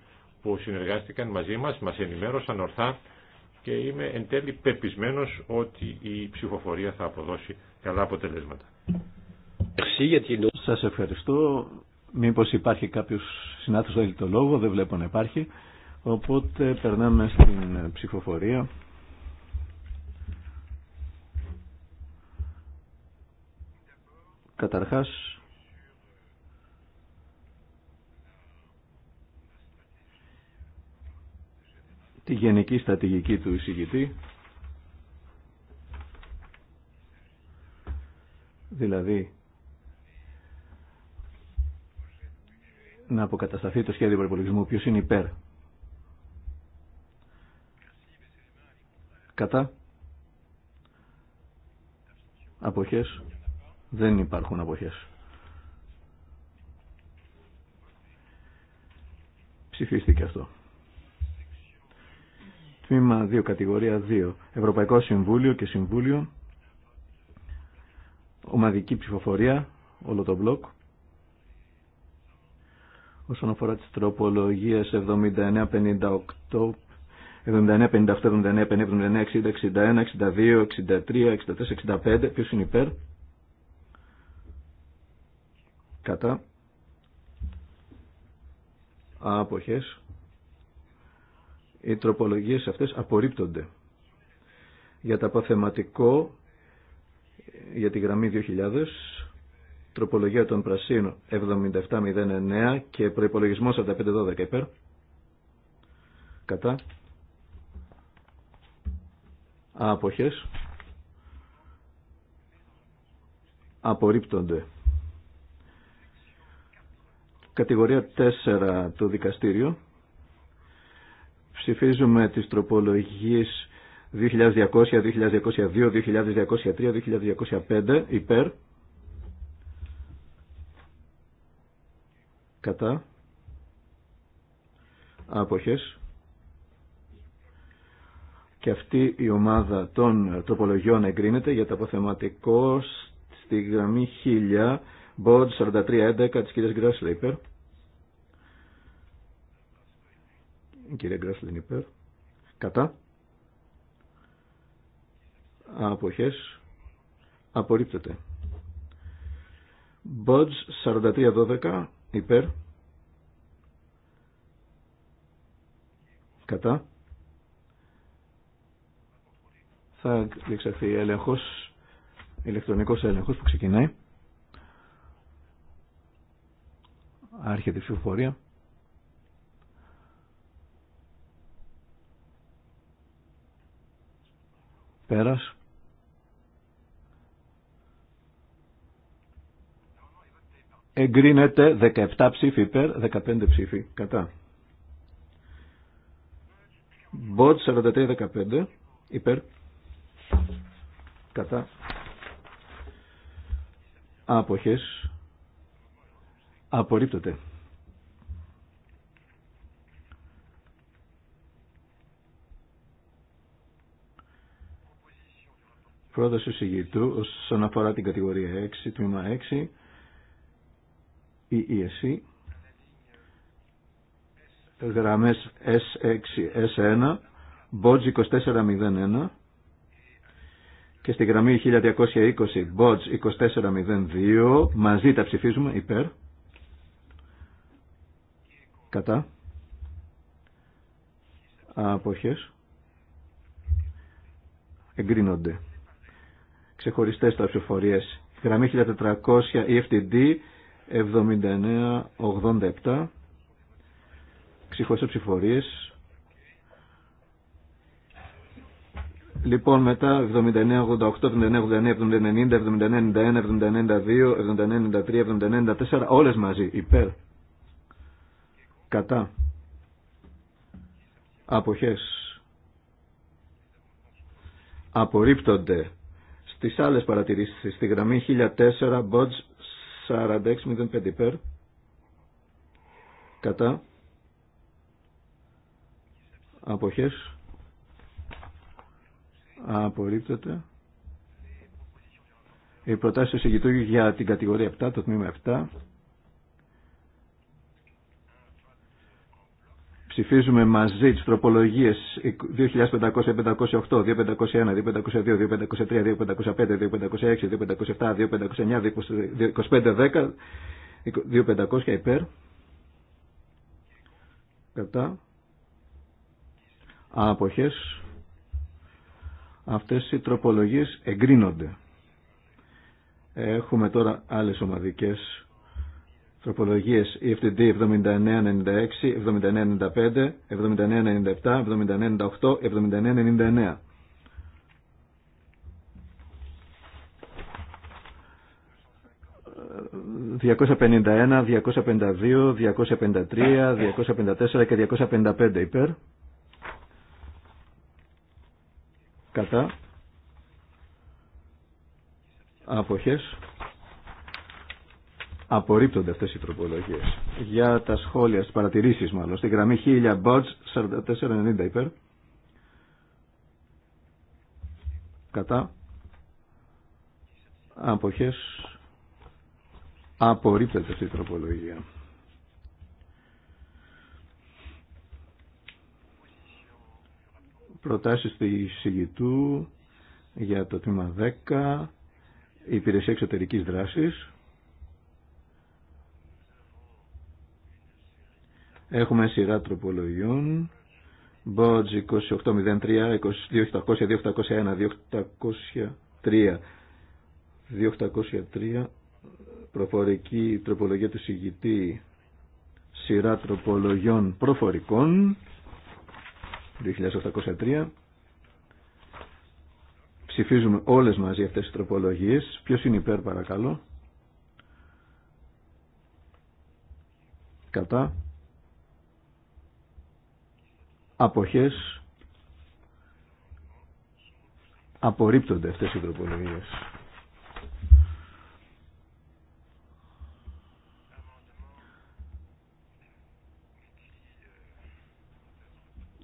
που συνεργάστηκαν μαζί μας, μας ενημέρωσαν ορθά και είμαι εν τέλει πεπισμένος ότι η ψηφοφορία θα αποδώσει καλά αποτελέσματα. Σας ευχαριστώ. Μήπως υπάρχει κάποιος συνάδελφος το λόγο, δεν βλέπω να υπάρχει. Οπότε περνάμε στην ψηφοφορία. Καταρχάς τη γενική στρατηγική του εισηγητή, δηλαδή να αποκατασταθεί το σχέδιο προπολογισμού, ποιος είναι υπέρ. Κατά. Αποχές. Δεν υπάρχουν αποχές. Ψηφίστηκε αυτό. Τμήμα 2, κατηγορία 2. Ευρωπαϊκό Συμβούλιο και Συμβούλιο. Ομαδική ψηφοφορία, όλο το μπλοκ. Όσον αφορά τις τροπολογίες 79, 58, 79, 57, 79, 59 60, 61, 62, 63, 64, 65. Ποιος είναι υπέρ. Κατά. Αποχές. Οι τροπολογίες αυτές απορρίπτονται. Για τα αποθεματικό για τη γραμμή 2000, τροπολογία των πρασίνων 7709 και προπολογισμο 4512 υπέρ. Κατά. Άποχες. Απορρίπτονται. Κατηγορία 4 του δικαστήριου. Ψηφίζουμε τις τροπολογίες 2200, 2202, 2203, 2205 υπέρ. Κατά. Άποχες. Και αυτή η ομάδα των τροπολογιών εγκρίνεται για το αποθεματικό στη γραμμή 1000 Μπότ 4311 της κυρίας Γκρέσλε υπέρ. Η κυρία Γκράσλιν υπέρ. Κατά. Αποχές. Απορρίπτεται. Μπότζ 12, υπέρ. Κατά. Θα διεξαχθεί έλεγχος, ηλεκτρονικός έλεγχος που ξεκινάει. Άρχεται η ψηφοφορία. Πέρας. Εγκρίνεται 17 ψήφοι υπέρ, 15 ψήφοι κατά. Μποτ 43-15 υπέρ κατά άποχες απορρίπτονται. πρόταση εισηγητού όσον αφορά την κατηγορία 6, τμήμα 6, η ESC, e, γραμμές S6, S1, BODS 2401 και στη γραμμή 1220 BODS 2402 μαζί τα ψηφίζουμε υπέρ κατά αποχές εγκρίνονται ξεχωριστές τα ψηφορίες. Γραμμή 1400 EFTD 7987 ξεχωριστές ψηφορίες. Λοιπόν, μετά 79, 88, 79, 89, 90, 79, 91, 92, όλες μαζί, υπέρ. Κατά. Αποχές. Απορρίπτονται. Στις άλλες παρατηρήσεις, στη γραμμή 1004, Bodge 4605 per κατά, αποχές, απορρίπτεται. η προτάσεις του για την κατηγορία 7, το τμήμα 7, Ψηφίζουμε μαζί τις τροπολογίες 2500, 508, 2501, 2502, 2503, 2505, 2506, 2507, 2509, 2510, 2500 υπέρ. Κατά. Άποχες. Αυτές οι τροπολογίες εγκρίνονται. Έχουμε τώρα άλλες ομαδικές Τροπολογίες EFTD 7996, 7995, 7997, 7998, 7999. ...251, 252, 253, 254 και 255 υπέρ. Κατά. Άποχες. Απορρίπτονται αυτές οι τροπολογίες. Για τα σχόλια, τις παρατηρήσεις μάλλον, στη γραμμή 1000 Bots 4490 υπέρ. Κατά. Αποχές. Απορρίπτεται αυτή η τροπολογία. Προτάσεις του εισηγητού για το τμήμα 10, υπηρεσία εξωτερικής δράσης. Έχουμε σειρά τροπολογιών. Μπότζ 2803, 2800, 2801, 2803. 2803 προφορική τροπολογία του συγητή σειρά τροπολογιών προφορικών 2803 ψηφίζουμε όλες μαζί αυτές τις τροπολογίες ποιος είναι υπέρ παρακαλώ κατά αποχές απορρίπτονται αυτές οι τροπολογίες.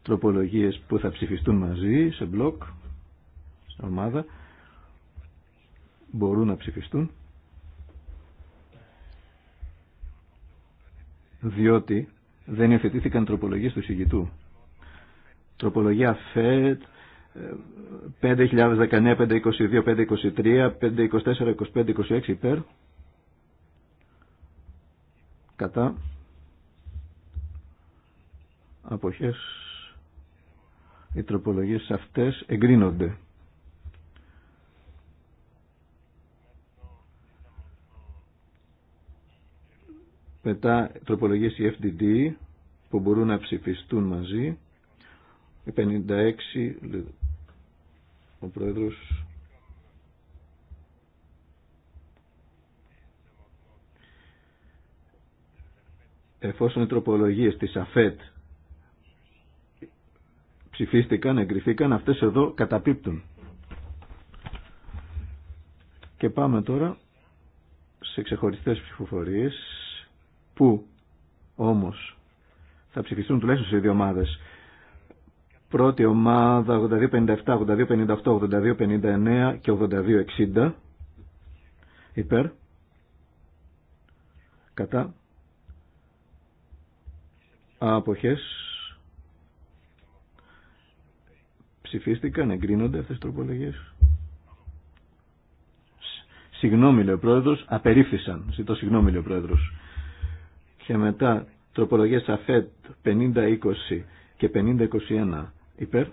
Τροπολογίες που θα ψηφιστούν μαζί σε μπλοκ, σε ομάδα, μπορούν να ψηφιστούν. Διότι δεν υιοθετήθηκαν τροπολογίες του συγητού. Τροπολογία ΦΕΤ 5.019, 5.22, 5.23, 5.24, 25, 26 υπέρ. Κατά. Αποχές. Οι τροπολογίες αυτές εγκρίνονται. Μετά τροπολογίες FDD που μπορούν να ψηφιστούν μαζί. 56 ο πρόεδρος εφόσον οι τροπολογίες της ΑΦΕΤ ψηφίστηκαν, εγκριθήκαν, αυτές εδώ καταπίπτουν. Και πάμε τώρα σε ξεχωριστές ψηφοφορίες που όμως θα ψηφιστούν τουλάχιστον σε δύο ομάδες Πρώτη ομάδα 8257, 8258, 8259 και 8260. Υπέρ. Κατά. Αποχές. Ψηφίστηκαν, εγκρίνονται αυτές τις τροπολογίες. Συγγνώμη λέει ο πρόεδρος, απερίφθησαν. Ζητώ συγγνώμη λέει ο πρόεδρος. Και μετά τροπολογίες ΑΦΕΤ 50-20 και 50-21 υπέρ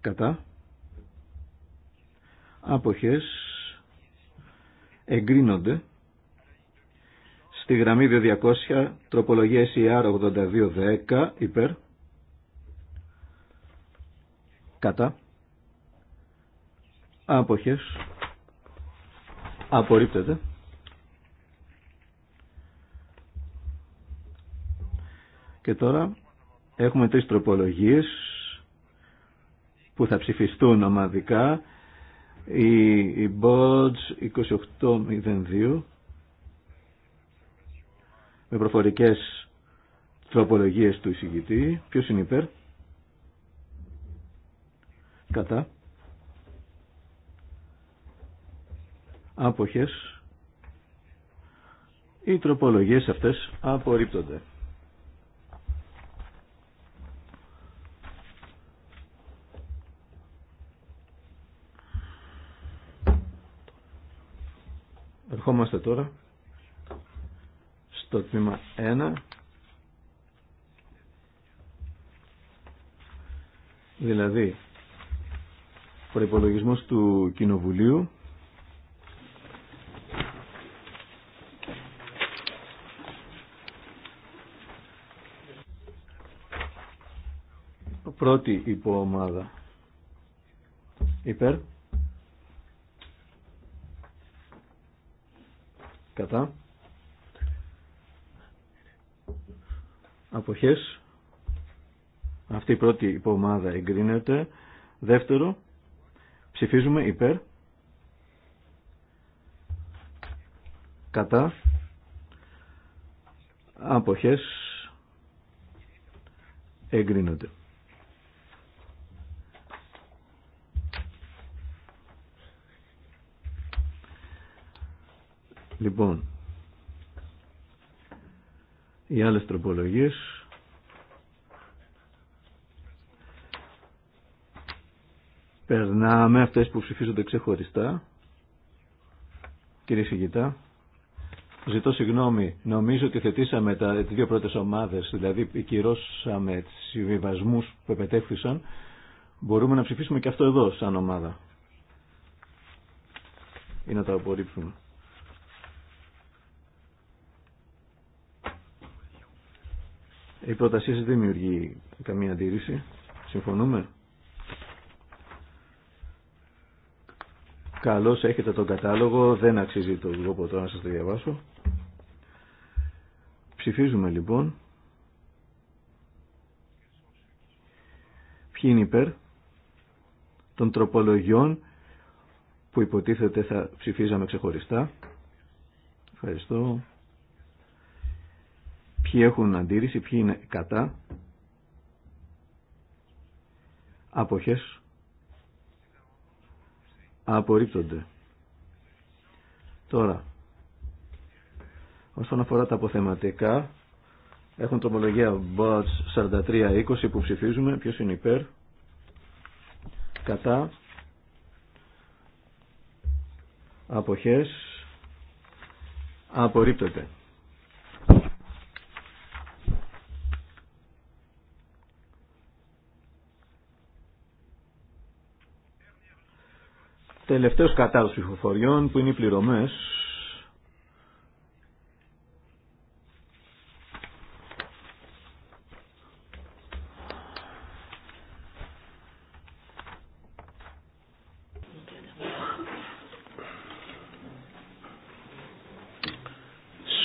κατά αποχές εγκρίνονται στη γραμμή 200 τροπολογία SER 8210 υπέρ κατά άποχες απορρίπτεται Και τώρα έχουμε τρεις τροπολογίες που θα ψηφιστούν ομαδικά. Η, η BODS 2802 με προφορικές τροπολογίες του εισηγητή. Ποιος είναι υπέρ? Κατά. Άποχες. Οι τροπολογίες αυτές απορρίπτονται. Ερχόμαστε τώρα στο τμήμα 1 δηλαδή προπολογισμό του Κοινοβουλίου πρώτη υποομάδα υπέρ κατά αποχές αυτή η πρώτη υπομάδα εγκρίνεται δεύτερο ψηφίζουμε υπέρ κατά αποχές εγκρίνονται Λοιπόν, οι άλλες τροπολογίες περνάμε αυτές που ψηφίζονται ξεχωριστά. Κύριε Σιγητά, ζητώ συγγνώμη, νομίζω ότι θετήσαμε τα δύο πρώτες ομάδες, δηλαδή κυρώσαμε τις συμβιβασμούς που επετέφθησαν. Μπορούμε να ψηφίσουμε και αυτό εδώ σαν ομάδα ή να τα απορρίψουμε. Η πρότασή σας δεν δημιουργεί καμία αντίρρηση. Συμφωνούμε. Καλώς έχετε τον κατάλογο. Δεν αξίζει το λόγο τώρα να σας το διαβάσω. Ψηφίζουμε λοιπόν. Ποιοι είναι υπέρ των τροπολογιών που υποτίθεται θα ψηφίζαμε ξεχωριστά. Ευχαριστώ. Ποιοι έχουν αντίρρηση, ποιοι είναι κατά. Αποχές. Απορρίπτονται. Τώρα, όσον αφορά τα αποθεματικά, έχουν τρομολογία BOTS 4320 που ψηφίζουμε. Ποιος είναι υπέρ. Κατά. Αποχές. απορρίπτονται. τελευταίος κατάλογος ψηφοφοριών που είναι οι πληρωμές.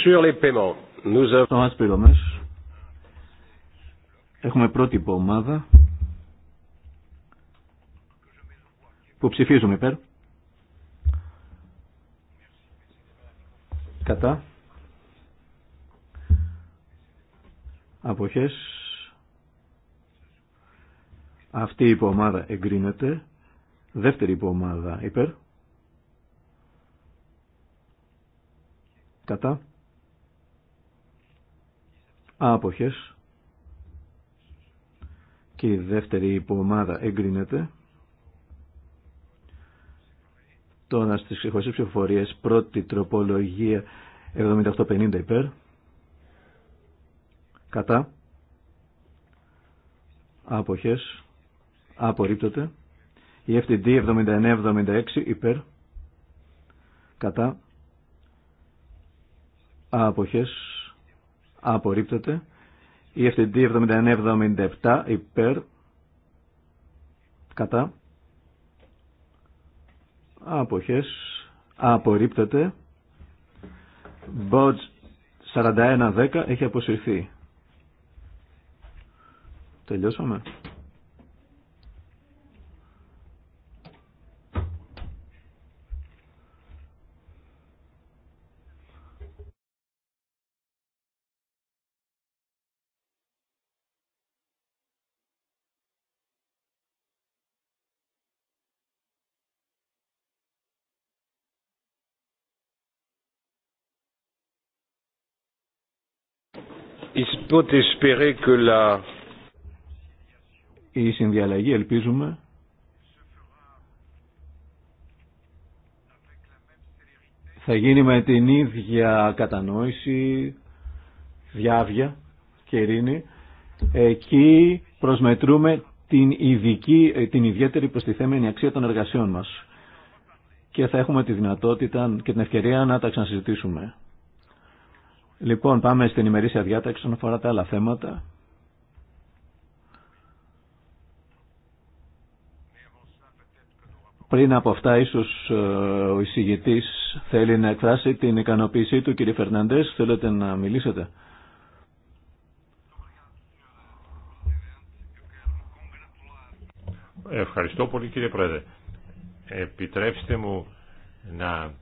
Sur les paiements, Έχουμε πρότυπο ομάδα που ψηφίζουμε υπέρ. κατά αποχές αυτή η υποομάδα εγκρίνεται δεύτερη υποομάδα υπέρ κατά άποχες και η δεύτερη υποομάδα εγκρίνεται αυτόνα στις ξεχωριστές ψηφοφορίες πρώτη τροπολογία 7850 υπέρ κατά άποχες απορρίπτωτε, η FTD 7976 υπέρ κατά άποχες απορρίπτωτέ, η FTD 7977 υπέρ κατά Αποχές. Απορρίπτεται. Βοτς 4110 έχει αποσυρθεί. Τελειώσαμε. Η συνδιαλλαγή ελπίζουμε θα γίνει με την ίδια κατανόηση, διάβια και ειρήνη. Εκεί προσμετρούμε την, ειδική, την ιδιαίτερη προστιθέμενη αξία των εργασιών μας. Και θα έχουμε τη δυνατότητα και την ευκαιρία να τα ξανασυζητήσουμε. Λοιπόν, πάμε στην ημερήσια διάταξη όσον αφορά τα άλλα θέματα. Πριν από αυτά, ίσως ε, ο εισηγητής θέλει να εκφράσει την ικανοποίησή του. Κύριε Φερναντές, θέλετε να μιλήσετε. Ευχαριστώ πολύ κύριε Πρόεδρε. Επιτρέψτε μου να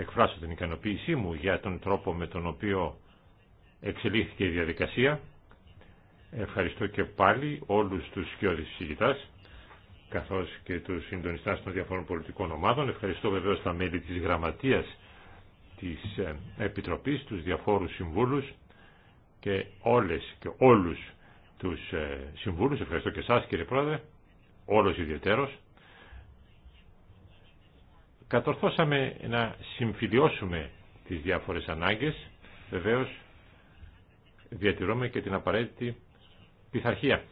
εκφράσω την ικανοποίησή μου για τον τρόπο με τον οποίο εξελίχθηκε η διαδικασία. Ευχαριστώ και πάλι όλους τους σκιώδης συζητάς, καθώς και τους συντονιστάς των διαφόρων πολιτικών ομάδων. Ευχαριστώ βεβαίως τα μέλη της Γραμματείας της ε, Επιτροπής, τους διαφόρους συμβούλους και όλες και όλους τους ε, συμβούλους. Ευχαριστώ και εσάς κύριε Πρόεδρε, όλος ιδιαιτέρως. Κατορθώσαμε να συμφιλιώσουμε τις διάφορες ανάγκες, βεβαίως διατηρούμε και την απαραίτητη πειθαρχία.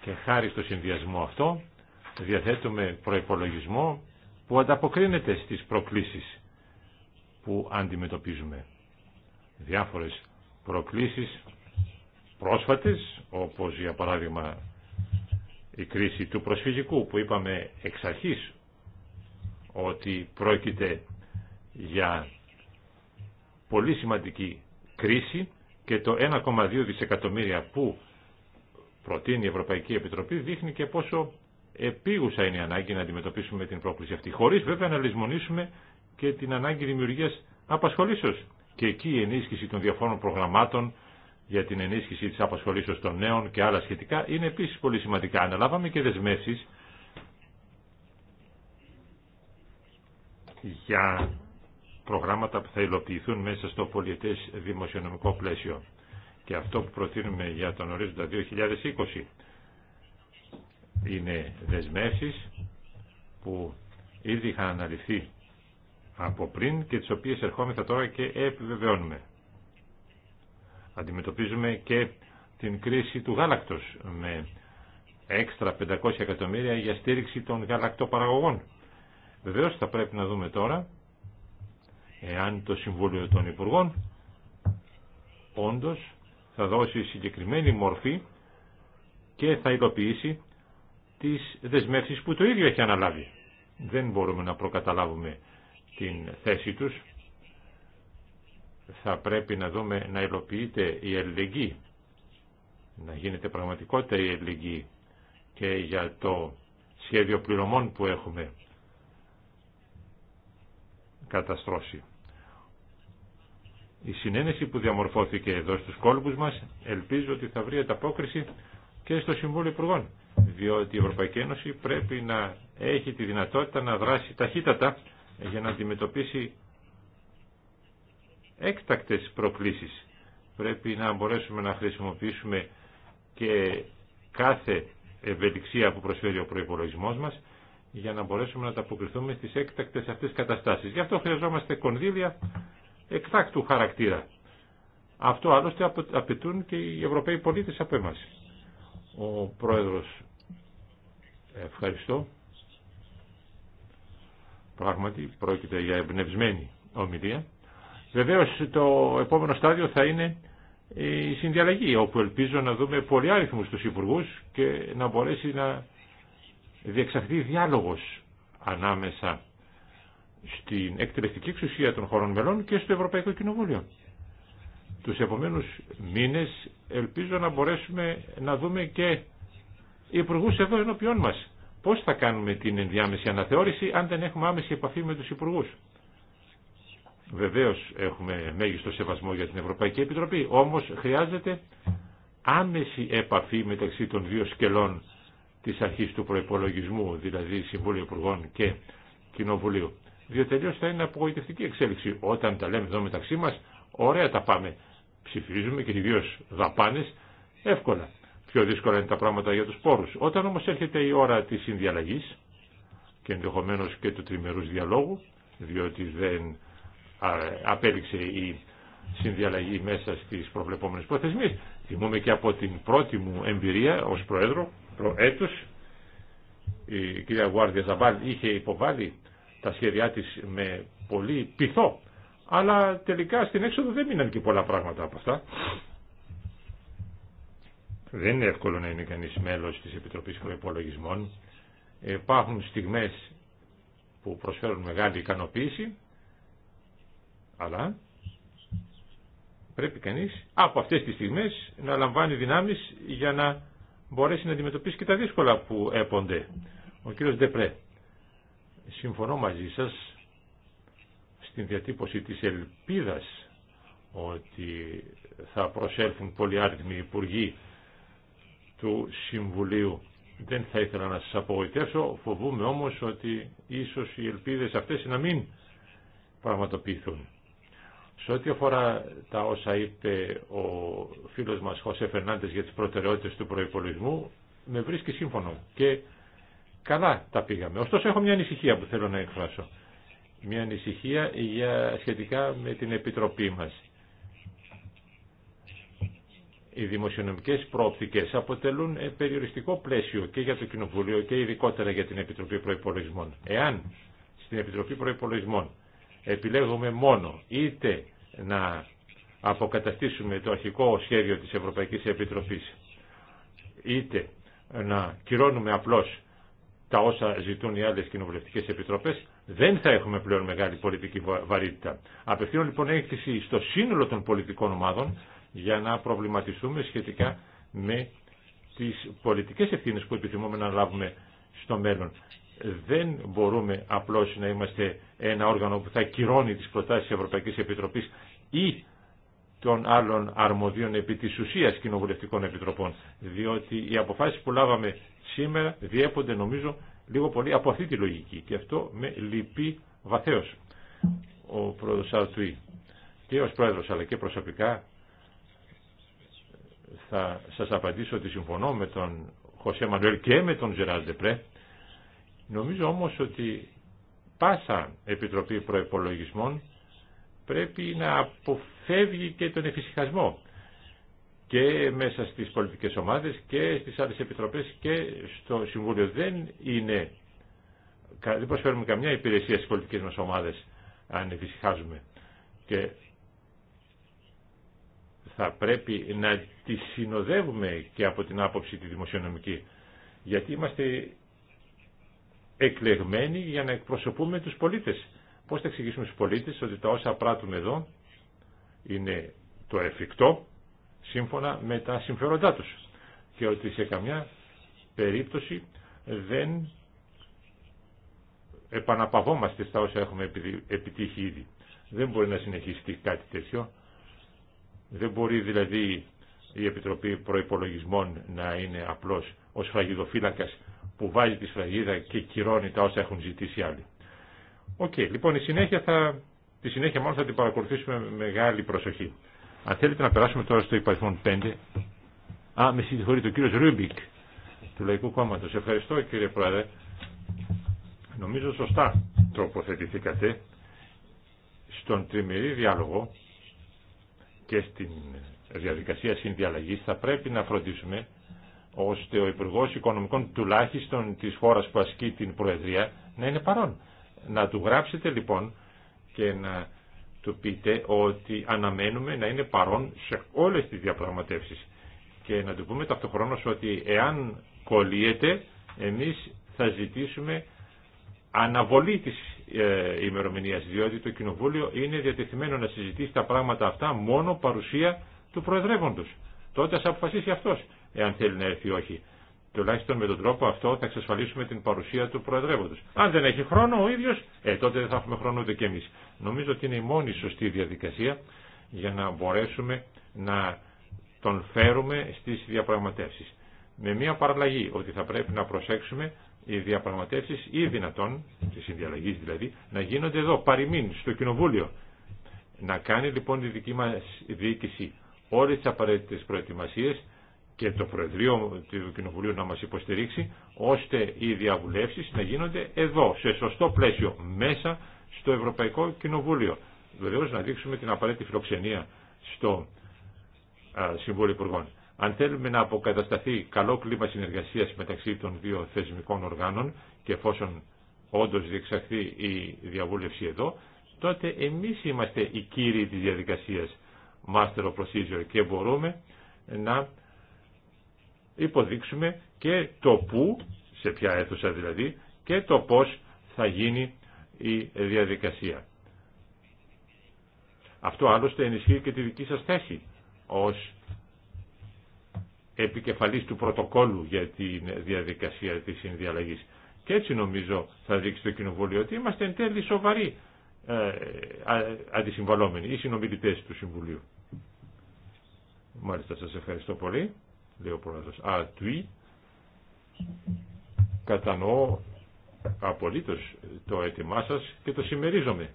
Και χάρη στο συνδυασμό αυτό διαθέτουμε προϋπολογισμό που ανταποκρίνεται στις προκλήσεις που αντιμετωπίζουμε. Διάφορες προκλήσεις πρόσφατες, όπως για παράδειγμα η κρίση του προσφυγικού που είπαμε εξ αρχής ότι πρόκειται για πολύ σημαντική κρίση και το 1,2 δισεκατομμύρια που προτείνει η Ευρωπαϊκή Επιτροπή δείχνει και πόσο επίγουσα είναι η ανάγκη να αντιμετωπίσουμε την πρόκληση αυτή, χωρίς βέβαια να λησμονήσουμε και την ανάγκη δημιουργίας απασχολήσεως. Και εκεί η ενίσχυση των διαφόρων προγραμμάτων για την ενίσχυση της απασχολήσεως των νέων και άλλα σχετικά είναι επίσης πολύ σημαντικά. Αναλάβαμε και δεσμεύσεις για προγράμματα που θα υλοποιηθούν μέσα στο πολιετές δημοσιονομικό πλαίσιο. Και αυτό που προτείνουμε για τον ορίζοντα 2020 είναι δεσμεύσεις που ήδη είχαν αναλυθεί από πριν και τις οποίες ερχόμεθα τώρα και επιβεβαιώνουμε. Αντιμετωπίζουμε και την κρίση του γάλακτος με έξτρα 500 εκατομμύρια για στήριξη των γαλακτοπαραγωγών Βεβαίω θα πρέπει να δούμε τώρα εάν το Συμβούλιο των Υπουργών όντως θα δώσει συγκεκριμένη μορφή και θα υλοποιήσει τις δεσμεύσεις που το ίδιο έχει αναλάβει. Δεν μπορούμε να προκαταλάβουμε την θέση τους. Θα πρέπει να δούμε να υλοποιείται η ελληνική, να γίνεται πραγματικότητα η ελληνική και για το σχέδιο πληρωμών που έχουμε καταστρώσει. Η συνένεση που διαμορφώθηκε εδώ στους κόλπους μας ελπίζω ότι θα βρει ανταπόκριση και στο Συμβούλιο Υπουργών, διότι η Ευρωπαϊκή Ένωση πρέπει να έχει τη δυνατότητα να δράσει ταχύτατα για να αντιμετωπίσει έκτακτες προκλήσεις. Πρέπει να μπορέσουμε να χρησιμοποιήσουμε και κάθε ευελιξία που προσφέρει ο προϋπολογισμός μας για να μπορέσουμε να τα αποκριθούμε στις έκτακτες αυτές καταστάσεις. Γι' αυτό χρειαζόμαστε κονδύλια εκτάκτου χαρακτήρα. Αυτό άλλωστε απαιτούν και οι Ευρωπαίοι πολίτες από εμάς. Ο Πρόεδρος, ευχαριστώ. Πράγματι πρόκειται για εμπνευσμένη ομιλία. Βεβαίως το επόμενο στάδιο θα είναι η συνδιαλλαγή, όπου ελπίζω να δούμε πολλοί αριθμούς τους υπουργούς και να μπορέσει να διεξαχθεί διάλογος ανάμεσα στην εκτελεστική εξουσία των χωρών μελών και στο Ευρωπαϊκό Κοινοβούλιο. Τους επόμενους μήνες ελπίζω να μπορέσουμε να δούμε και υπουργού εδώ ενώπιόν μας. Πώς θα κάνουμε την ενδιάμεση αναθεώρηση αν δεν έχουμε άμεση επαφή με τους υπουργού. Βεβαίως έχουμε μέγιστο σεβασμό για την Ευρωπαϊκή Επιτροπή, όμως χρειάζεται άμεση επαφή μεταξύ των δύο σκελών της αρχής του προϋπολογισμού, δηλαδή Συμβούλιο Υπουργών και Κοινοβουλίου. Διότι τελείως θα είναι απογοητευτική εξέλιξη. Όταν τα λέμε εδώ μεταξύ μας, ωραία τα πάμε. Ψηφίζουμε και ιδίω δαπάνες εύκολα. Πιο δύσκολα είναι τα πράγματα για τους πόρους. Όταν όμως έρχεται η ώρα της συνδιαλλαγής και ενδεχομένως και του τριμερούς διαλόγου, διότι δεν απέληξε η συνδιαλλαγή μέσα στις προβλεπόμενες προθεσμίες. Θυμούμε και από την πρώτη μου εμπειρία ως Πρόεδρο προέτους η κυρία Γουάρδια Ζαμπάλ είχε υποβάλει τα σχέδιά της με πολύ πειθό αλλά τελικά στην έξοδο δεν μείναν και πολλά πράγματα από αυτά. Δεν είναι εύκολο να είναι κανείς μέλος της Επιτροπής Προϋπολογισμών. Υπάρχουν στιγμές που προσφέρουν μεγάλη ικανοποίηση, αλλά πρέπει κανείς από αυτές τις στιγμές να λαμβάνει δυνάμεις για να μπορέσει να αντιμετωπίσει και τα δύσκολα που έπονται. Ο κύριος Ντεπρέ, συμφωνώ μαζί σας στην διατύπωση της ελπίδας ότι θα προσέλθουν πολλοί άριθμοι υπουργοί του Συμβουλίου. Δεν θα ήθελα να σας απογοητεύσω, φοβούμαι όμως ότι ίσως οι ελπίδες αυτές να μην πραγματοποιηθούν. Σε ό,τι αφορά τα όσα είπε ο φίλος μας Χωσέ Φερνάντες για τις προτεραιότητες του προϋπολογισμού, με βρίσκει σύμφωνο και καλά τα πήγαμε. Ωστόσο έχω μια ανησυχία που θέλω να εκφράσω. Μια ανησυχία για, σχετικά με την Επιτροπή μας. Οι δημοσιονομικές προοπτικές αποτελούν ε, περιοριστικό πλαίσιο και για το Κοινοβούλιο και ειδικότερα για την Επιτροπή Προϋπολογισμών. Εάν στην Επιτροπή Προϋπολογισμών επιλέγουμε μόνο είτε να αποκαταστήσουμε το αρχικό σχέδιο της Ευρωπαϊκής Επιτροπής είτε να κυρώνουμε απλώς τα όσα ζητούν οι άλλες κοινοβουλευτικές επιτροπές δεν θα έχουμε πλέον μεγάλη πολιτική βαρύτητα. Απευθύνω λοιπόν έκθεση στο σύνολο των πολιτικών ομάδων για να προβληματιστούμε σχετικά με τις πολιτικές ευθύνες που επιθυμούμε να λάβουμε στο μέλλον δεν μπορούμε απλώς να είμαστε ένα όργανο που θα κυρώνει τις προτάσεις της Ευρωπαϊκής Επιτροπής ή των άλλων αρμοδίων επί της ουσίας κοινοβουλευτικών επιτροπών. Διότι οι αποφάσεις που λάβαμε σήμερα διέπονται νομίζω λίγο πολύ από αυτή τη λογική. Και αυτό με λυπεί βαθέως ο πρόεδρος Αρτουή. Και ως πρόεδρος αλλά και προσωπικά θα σας απαντήσω ότι συμφωνώ με τον Χωσέ Μανουέλ και με τον Ζεράλ Ντεπρέ Νομίζω όμως ότι πάσα Επιτροπή Προϋπολογισμών πρέπει να αποφεύγει και τον εφησυχασμό και μέσα στις πολιτικές ομάδες και στις άλλες επιτροπές και στο Συμβούλιο. Δεν είναι, δεν προσφέρουμε καμιά υπηρεσία στις πολιτικές μας ομάδες αν εφησυχάζουμε. Και θα πρέπει να τη συνοδεύουμε και από την άποψη τη δημοσιονομική. Γιατί είμαστε εκλεγμένοι για να εκπροσωπούμε τους πολίτες. Πώς θα εξηγήσουμε στους πολίτες ότι τα όσα πράττουν εδώ είναι το εφικτό σύμφωνα με τα συμφέροντά τους και ότι σε καμιά περίπτωση δεν επαναπαυόμαστε στα όσα έχουμε επιτύχει ήδη. Δεν μπορεί να συνεχιστεί κάτι τέτοιο. Δεν μπορεί δηλαδή η Επιτροπή Προϋπολογισμών να είναι απλώς ο σφραγιδοφύλακας που βάζει τη σφραγίδα και κυρώνει τα όσα έχουν ζητήσει οι άλλοι. Οκ, λοιπόν η συνέχεια θα, τη συνέχεια μόνο θα την παρακολουθήσουμε με μεγάλη προσοχή. Αν θέλετε να περάσουμε τώρα στο υπαριθμόν 5. Α, με συγχωρείτε, ο κύριο Ρούμπικ του Λαϊκού Κόμματο. Ευχαριστώ κύριε Πρόεδρε. Νομίζω σωστά τοποθετηθήκατε. στον τριμερή διάλογο και στην διαδικασία συνδιαλλαγής θα πρέπει να φροντίσουμε ώστε ο Υπουργό Οικονομικών τουλάχιστον της χώρας που ασκεί την Προεδρία να είναι παρόν. Να του γράψετε λοιπόν και να του πείτε ότι αναμένουμε να είναι παρόν σε όλες τις διαπραγματεύσεις και να του πούμε ταυτοχρόνως ότι εάν κολλείεται εμείς θα ζητήσουμε αναβολή της ημερομηνία, ημερομηνίας διότι το Κοινοβούλιο είναι διατεθειμένο να συζητήσει τα πράγματα αυτά μόνο παρουσία του Προεδρεύοντος. Τότε ας αποφασίσει αυτός εάν θέλει να έρθει ή όχι. Τουλάχιστον με τον τρόπο αυτό θα εξασφαλίσουμε την παρουσία του Προεδρεύοντος. Αν δεν έχει χρόνο ο ίδιος, ε, τότε δεν θα έχουμε χρόνο ούτε και εμείς. Νομίζω ότι είναι η μόνη σωστή διαδικασία για να μπορέσουμε να τον φέρουμε στις διαπραγματεύσεις. Με μια παραλλαγή ότι θα πρέπει να προσέξουμε οι διαπραγματεύσεις ή δυνατόν, τη συνδιαλλαγή δηλαδή, να γίνονται εδώ, παροιμήν, στο Κοινοβούλιο. Να κάνει λοιπόν η δική μας διοίκηση όλες τις απαραίτητες προετοιμασίες και το Προεδρείο του Κοινοβουλίου να μας υποστηρίξει, ώστε οι διαβουλεύσεις να γίνονται εδώ, σε σωστό πλαίσιο, μέσα στο Ευρωπαϊκό Κοινοβούλιο. Βεβαίως να δείξουμε την απαραίτητη φιλοξενία στο Συμβούλιο Υπουργών. Αν θέλουμε να αποκατασταθεί καλό κλίμα συνεργασίας μεταξύ των δύο θεσμικών οργάνων και εφόσον όντως διεξαχθεί η διαβούλευση εδώ, τότε εμείς είμαστε οι κύριοι της διαδικασίας Master of Procedure και μπορούμε να υποδείξουμε και το πού, σε ποια αίθουσα δηλαδή, και το πώς θα γίνει η διαδικασία. Αυτό άλλωστε ενισχύει και τη δική σας θέση ως επικεφαλής του πρωτοκόλου για τη διαδικασία της συνδιαλλαγής. Και έτσι νομίζω θα δείξει το Κοινοβούλιο ότι είμαστε εν τέλει σοβαροί ε, αντισυμβαλόμενοι ή συνομιλητές του Συμβουλίου. Μάλιστα σας ευχαριστώ πολύ λέει ο πρόεδρος. Α, τουί. Κατανοώ απολύτως το έτοιμά σας και το συμμερίζομαι.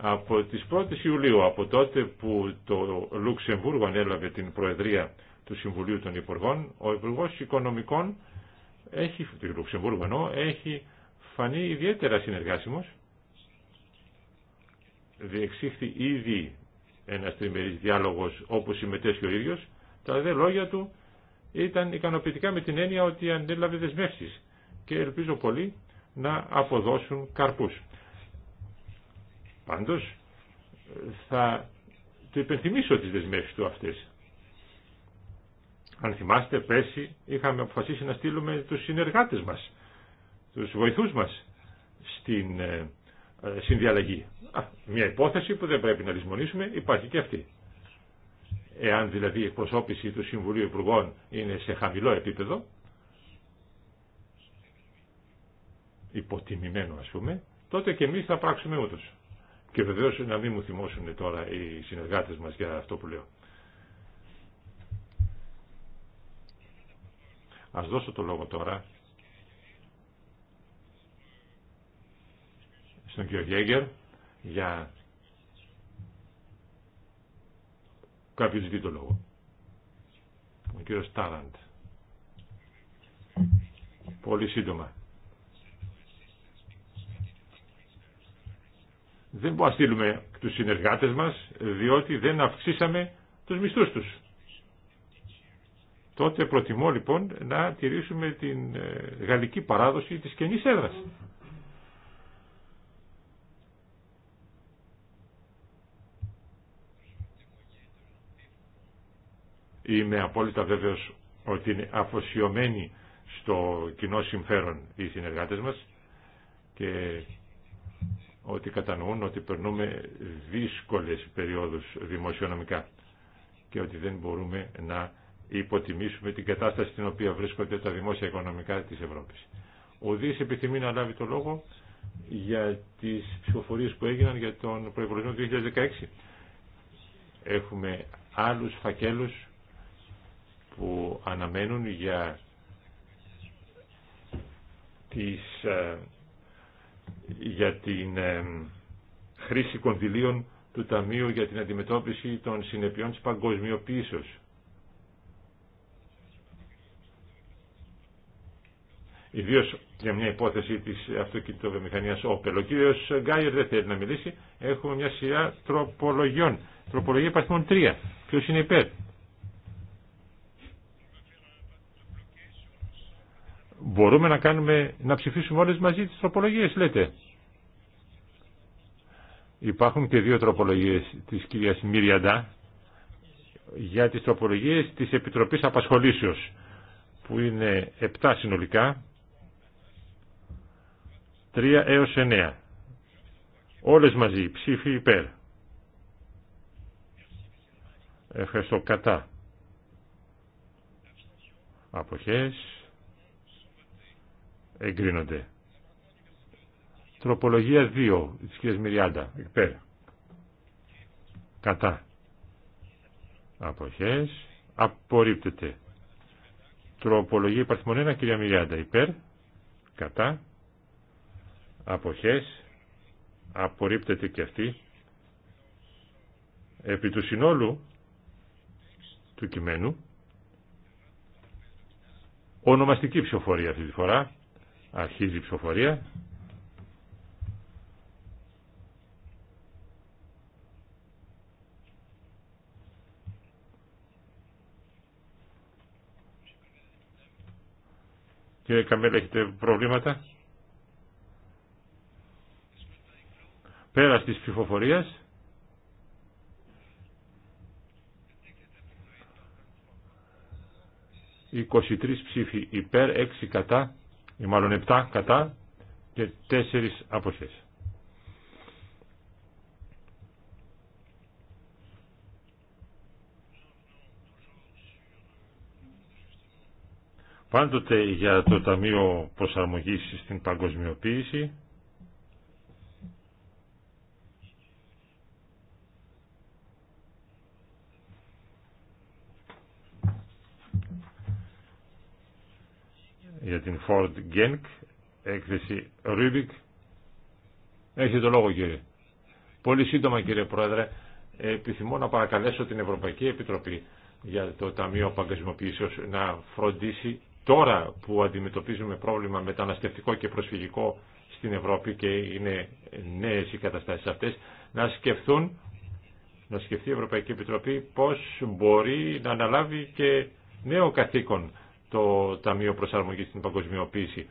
Από τις 1 Ιουλίου, από τότε που το Λουξεμβούργο ανέλαβε την Προεδρία του Συμβουλίου των Υπουργών, ο Υπουργό Οικονομικών έχει, Λουξεμβούργο Λουξεμβούργου ενώ, έχει φανεί ιδιαίτερα συνεργάσιμος. Διεξήχθη ήδη ένας τριμερής διάλογος όπου συμμετέσχει ο ίδιος τα δε λόγια του ήταν ικανοποιητικά με την έννοια ότι ανέλαβε δεσμεύσεις και ελπίζω πολύ να αποδώσουν καρπούς. Πάντως θα του υπενθυμίσω τις δεσμεύσεις του αυτές. Αν θυμάστε πέρσι είχαμε αποφασίσει να στείλουμε τους συνεργάτες μας, τους βοηθούς μας στην ε, συνδιαλλαγή. μια υπόθεση που δεν πρέπει να λησμονήσουμε υπάρχει και αυτή εάν δηλαδή η εκπροσώπηση του Συμβουλίου Υπουργών είναι σε χαμηλό επίπεδο, υποτιμημένο ας πούμε, τότε και εμείς θα πράξουμε ούτως. Και βεβαίως να μην μου θυμώσουν τώρα οι συνεργάτες μας για αυτό που λέω. Ας δώσω το λόγο τώρα στον κύριο Γέγκερ για Κάποιος ζητεί το λόγο. Ο κύριο Τάραντ. Πολύ σύντομα. Δεν μπορούμε να στείλουμε τους συνεργάτες μας, διότι δεν αυξήσαμε τους μισθούς τους. Τότε προτιμώ λοιπόν να τηρήσουμε την ε, γαλλική παράδοση της καινής έδρας. Είμαι απόλυτα βέβαιος ότι είναι αφοσιωμένοι στο κοινό συμφέρον οι συνεργάτες μας και ότι κατανοούν ότι περνούμε δύσκολες περιόδους δημοσιονομικά και ότι δεν μπορούμε να υποτιμήσουμε την κατάσταση στην οποία βρίσκονται τα δημόσια οικονομικά της Ευρώπης. Ο Δής επιθυμεί να λάβει το λόγο για τις ψηφοφορίες που έγιναν για τον προϋπολογισμό 2016. Έχουμε άλλους φακέλους που αναμένουν για τις, ε, για την ε, χρήση κονδυλίων του Ταμείου για την αντιμετώπιση των συνεπειών της παγκοσμιοποίησης. Ιδίω για μια υπόθεση της αυτοκινητοβιομηχανία Opel. Ο κύριο Γκάιερ δεν θέλει να μιλήσει. Έχουμε μια σειρά τροπολογιών. Τροπολογία μόνο 3. Ποιο είναι υπέρ, Μπορούμε να, κάνουμε, να ψηφίσουμε όλες μαζί τις τροπολογίες, λέτε. Υπάρχουν και δύο τροπολογίες της κυρίας Μυριαντά για τις τροπολογίες της Επιτροπής Απασχολήσεως που είναι 7 συνολικά 3 έως 9 όλες μαζί ψήφι υπέρ ευχαριστώ κατά αποχές εγκρίνονται. Τροπολογία 2 της κυρίας Μυριάντα, Κατά. Αποχές. Απορρίπτεται. Τροπολογία υπαρθμονένα, 1, κυρία Μυριάντα, υπέρ. Κατά. Αποχές. Απορρίπτεται και αυτή. Επί του συνόλου του κειμένου, ονομαστική ψηφοφορία αυτή τη φορά, Αρχίζει η ψηφοφορία. Κύριε Καμέλα, έχετε προβλήματα. Πέρας της ψηφοφορίας. «23 ψήφοι υπέρ, 6 κατά, ή μάλλον 7 κατά και 4 αποχές. Πάντοτε για το Ταμείο Προσαρμογής στην Παγκοσμιοποίηση για την Ford Genk, έκθεση Rubik. Έχετε το λόγο κύριε. Πολύ σύντομα κύριε Πρόεδρε, επιθυμώ να παρακαλέσω την Ευρωπαϊκή Επιτροπή για το Ταμείο Παγκοσμιοποίησεως να φροντίσει τώρα που αντιμετωπίζουμε πρόβλημα μεταναστευτικό και προσφυγικό στην Ευρώπη και είναι νέες οι καταστάσεις αυτές, να σκεφτούν, να σκεφτεί η Ευρωπαϊκή Επιτροπή πώς μπορεί να αναλάβει και νέο καθήκον το Ταμείο προσαρμογή στην Παγκοσμιοποίηση.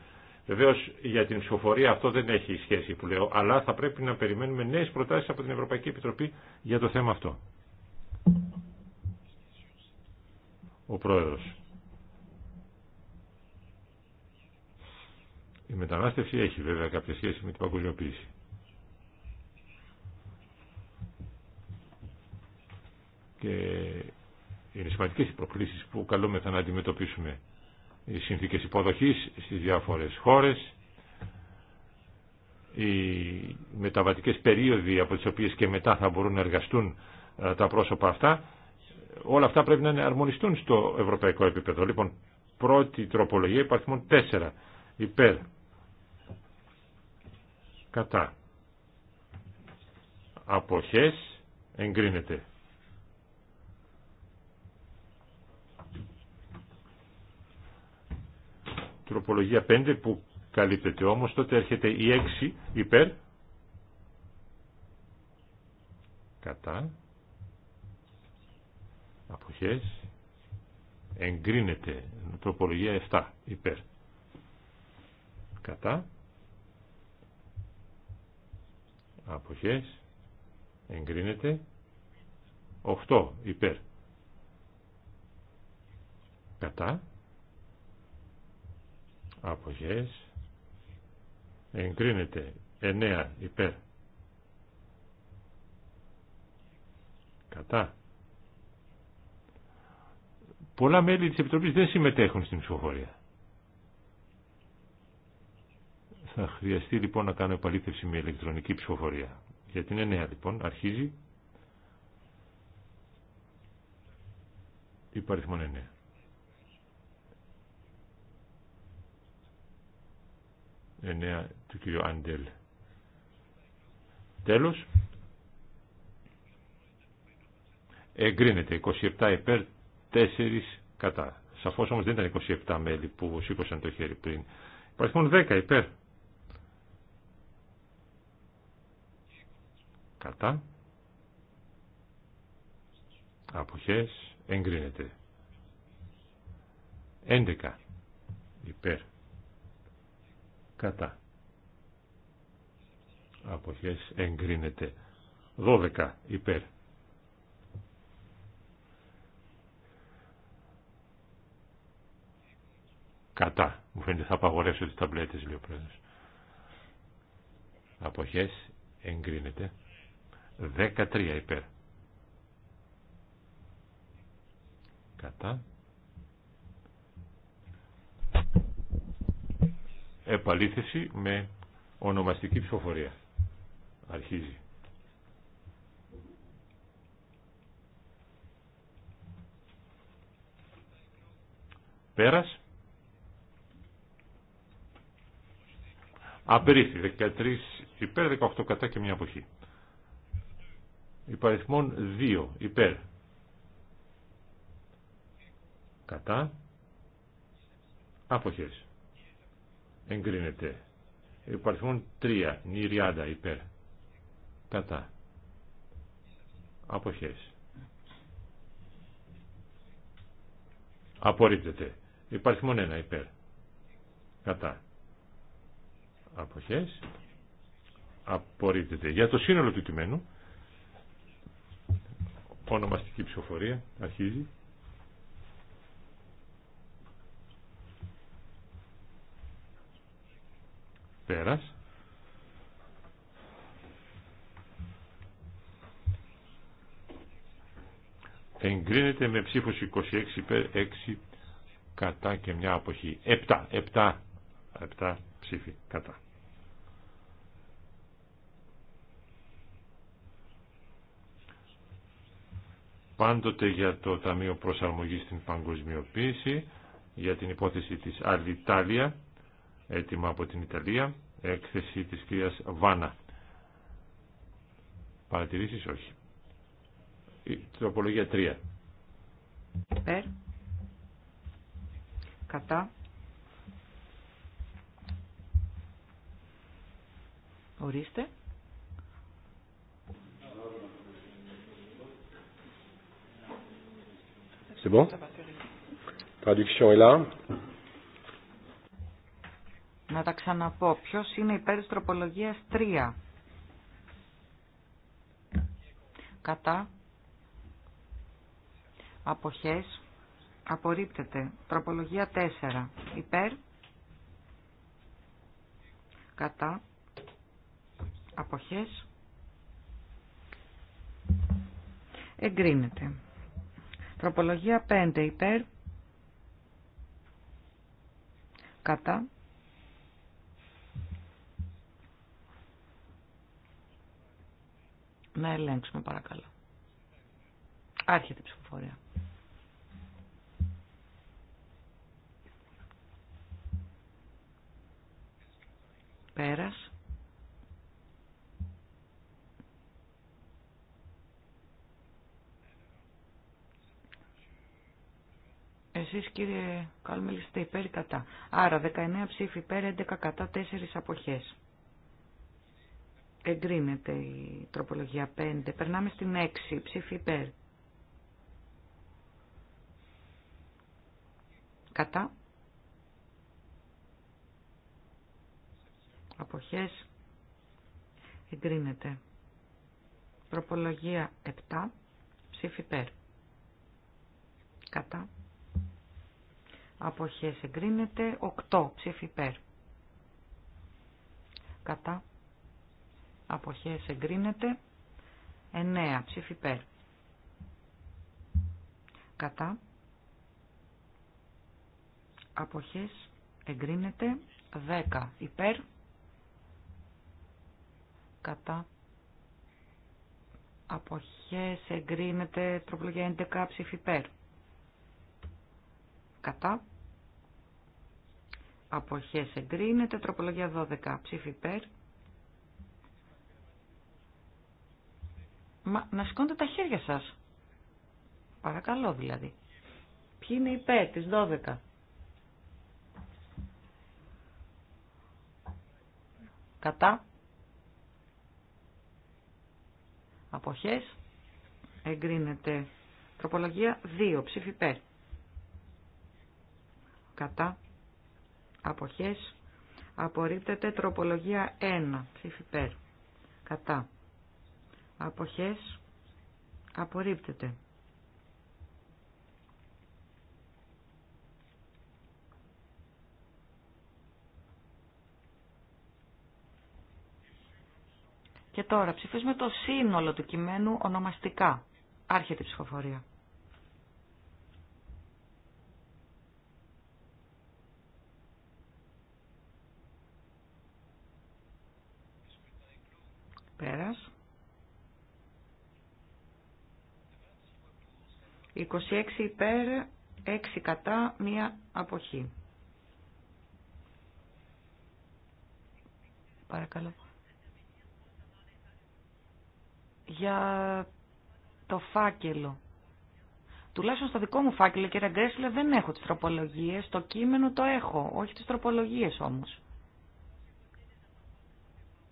Βεβαίω για την ψηφοφορία αυτό δεν έχει σχέση που λέω, αλλά θα πρέπει να περιμένουμε νέε προτάσει από την Ευρωπαϊκή Επιτροπή για το θέμα αυτό. Ο Πρόεδρο. Η μετανάστευση έχει βέβαια κάποια σχέση με την παγκοσμιοποίηση. Και είναι σημαντικέ οι προκλήσει που καλούμεθα να αντιμετωπίσουμε. Οι συνθήκε υποδοχή στι διάφορε χώρε, οι μεταβατικέ περίοδοι από τι οποίε και μετά θα μπορούν να εργαστούν ε, τα πρόσωπα αυτά, όλα αυτά πρέπει να αρμονιστούν στο ευρωπαϊκό επίπεδο. Λοιπόν, πρώτη τροπολογία υπαρθμών τέσσερα Υπέρ. Κατά. Αποχές εγκρίνεται. τροπολογία 5 που καλύπτεται όμως, τότε έρχεται η 6 υπέρ, κατά, αποχές, εγκρίνεται τροπολογία 7 υπέρ, κατά, αποχές, εγκρίνεται 8 υπέρ, κατά, αποχές εγκρίνεται 9 υπέρ κατά πολλά μέλη της Επιτροπής δεν συμμετέχουν στην ψηφοφορία θα χρειαστεί λοιπόν να κάνω επαλήθευση με ηλεκτρονική ψηφοφορία για την 9 λοιπόν αρχίζει υπαριθμόν 9 9 του κ. Αντέλ. Τέλος. Εγκρίνεται 27 υπέρ 4 κατά. Σαφώς όμως δεν ήταν 27 μέλη που σήκωσαν το χέρι πριν. Υπάρχουν 10 υπέρ. Κατά. Αποχές εγκρίνεται. 11 υπέρ κατά αποχές εγκρίνεται 12 υπέρ κατά μου φαίνεται θα απαγορεύσω τις ταμπλέτες λέει ο πρόεδρος αποχές εγκρίνεται 13 υπέρ κατά επαλήθευση με ονομαστική ψηφοφορία. Αρχίζει. Πέρας. Απερίφθη. 13 υπέρ, 18 κατά και μια αποχή. Υπαριθμών 2 υπέρ. Κατά. Αποχές εγκρίνεται. Υπαρχουν τρία, Νηριάντα υπέρ. Κατά. Αποχές. Απορρίπτεται. μόνο ένα υπέρ. Κατά. Αποχές. Απορρίπτεται. Για το σύνολο του κειμένου ονομαστική ψηφοφορία αρχίζει. Πέρας. Εγκρίνεται με ψήφους 26 υπέρ 6 κατά και μια αποχή. 7, 7, 7 ψήφοι κατά. πάντοτε για το Ταμείο Προσαρμογής στην Παγκοσμιοποίηση, για την υπόθεση της Αλιτάλια έτοιμα από την Ιταλία, έκθεση της κυρίας Βάνα. Παρατηρήσεις όχι. τροπολογία 3. Περ. Κατά. Ορίστε. C'est bon Traduction Είναι là. Να τα ξαναπώ. Ποιο είναι υπέρ της τροπολογίας 3. Κατά. Αποχές. Απορρίπτεται. Τροπολογία 4. Υπέρ. Κατά. Αποχές. Εγκρίνεται. Τροπολογία 5. Υπέρ. Κατά Να ελέγξουμε παρακαλώ. Άρχεται η ψηφοφορία. Πέρας. Εσείς κύριε Καλμελιστή, υπέρ κατά. Άρα 19 ψήφοι υπέρ, 11 κατά, 4 αποχές. Εγκρίνεται η τροπολογία 5. Περνάμε στην 6. Ψήφι υπέρ. Κατά. Αποχές. Εγκρίνεται. Τροπολογία 7. Ψήφι υπέρ. Κατά. Αποχές εγκρίνεται. 8. Ψήφι υπέρ. Κατά αποχές εγκρίνεται 9 ψήφι πέρ. κατά αποχές εγκρίνεται 10 υπέρ κατά αποχές εγκρίνεται τροπολογία 11 ψήφι κατά αποχές εγκρίνεται τροπολογία 12 ψήφι Μα, να σηκώνετε τα χέρια σας. Παρακαλώ δηλαδή. Ποιοι είναι οι υπέρ της 12. Κατά. Αποχές. Εγκρίνεται. Τροπολογία 2. Ψήφι υπέρ. Κατά. Αποχές. Απορρίπτεται τροπολογία 1. Ψήφι υπέρ. Κατά αποχές απορρίπτεται. Και τώρα ψηφίζουμε το σύνολο του κειμένου ονομαστικά. Άρχεται η ψηφοφορία. Πέρας. 26 υπέρ, 6 κατά, μία αποχή. Παρακαλώ. Για το φάκελο. Τουλάχιστον στο δικό μου φάκελο, κύριε Γκρέσλε, δεν έχω τις τροπολογίες. Το κείμενο το έχω, όχι τις τροπολογίες όμως.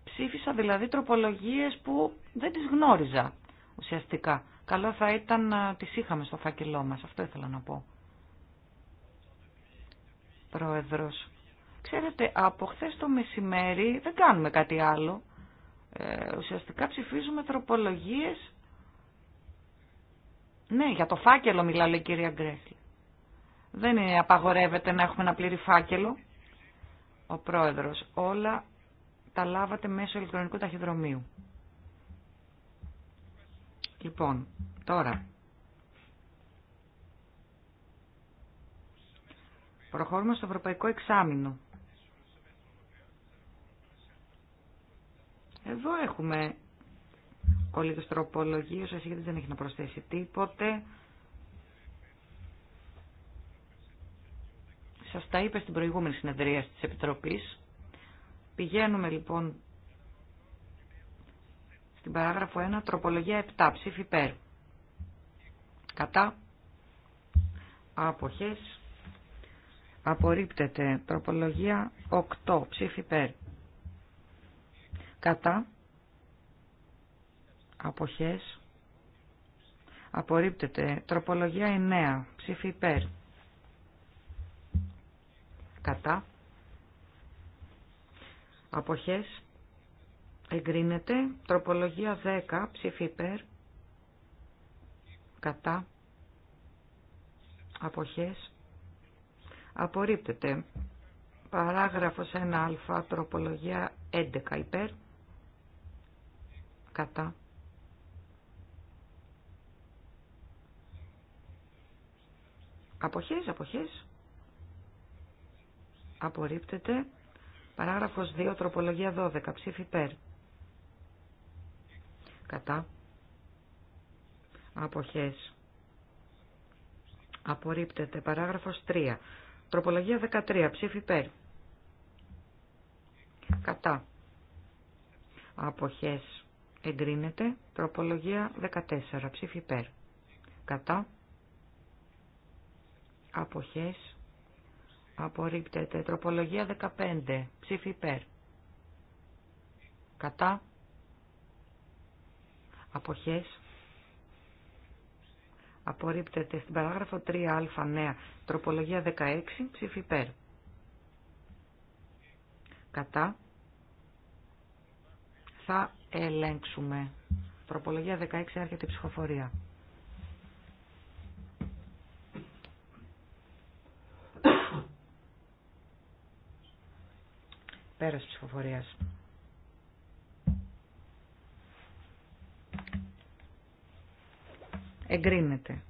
Ψήφισα δηλαδή τροπολογίες που δεν τις γνώριζα ουσιαστικά καλό θα ήταν να τις είχαμε στο φάκελό μας. Αυτό ήθελα να πω. Πρόεδρος, ξέρετε, από χθε το μεσημέρι δεν κάνουμε κάτι άλλο. Ε, ουσιαστικά ψηφίζουμε τροπολογίες. Ναι, για το φάκελο μιλάει η κυρία Γκρέσλη. Δεν είναι, απαγορεύεται να έχουμε ένα πλήρη φάκελο. Ο πρόεδρος, όλα τα λάβατε μέσω ηλεκτρονικού ταχυδρομείου. Λοιπόν, τώρα. Προχωρούμε στο Ευρωπαϊκό Εξάμεινο. Εδώ έχουμε κολλήγες τροπολογίες, ο Σίγητης δεν έχει να προσθέσει τίποτε. Σας τα είπε στην προηγούμενη συνεδρία της Επιτροπής. Πηγαίνουμε λοιπόν στην παράγραφο 1, τροπολογία 7, ψήφι υπέρ. Κατά. Αποχές. Απορρίπτεται. Τροπολογία 8, ψήφι υπέρ. Κατά. Αποχές. Απορρίπτεται. Τροπολογία 9, ψήφι υπέρ. Κατά. Αποχές Εγκρίνεται. Τροπολογία 10. Ψήφι υπέρ. Κατά. Αποχές. Απορρίπτεται. Παράγραφος 1α. Τροπολογία 11. Υπέρ. Κατά. Αποχές, αποχές. Απορρίπτεται. Παράγραφος 2, τροπολογία 12, ψήφι υπέρ κατά αποχές απορρίπτεται παράγραφος 3 τροπολογία 13 ψήφι υπέρ κατά αποχές εγκρίνεται τροπολογία 14 ψήφι υπέρ κατά αποχές απορρίπτεται τροπολογία 15 ψήφι υπέρ κατά αποχές απορρίπτεται στην παράγραφο 3α νέα τροπολογία 16 ψήφι υπέρ κατά θα ελέγξουμε τροπολογία 16 έρχεται η ψηφοφορία πέρας ψηφοφορίας εγκρίνεται.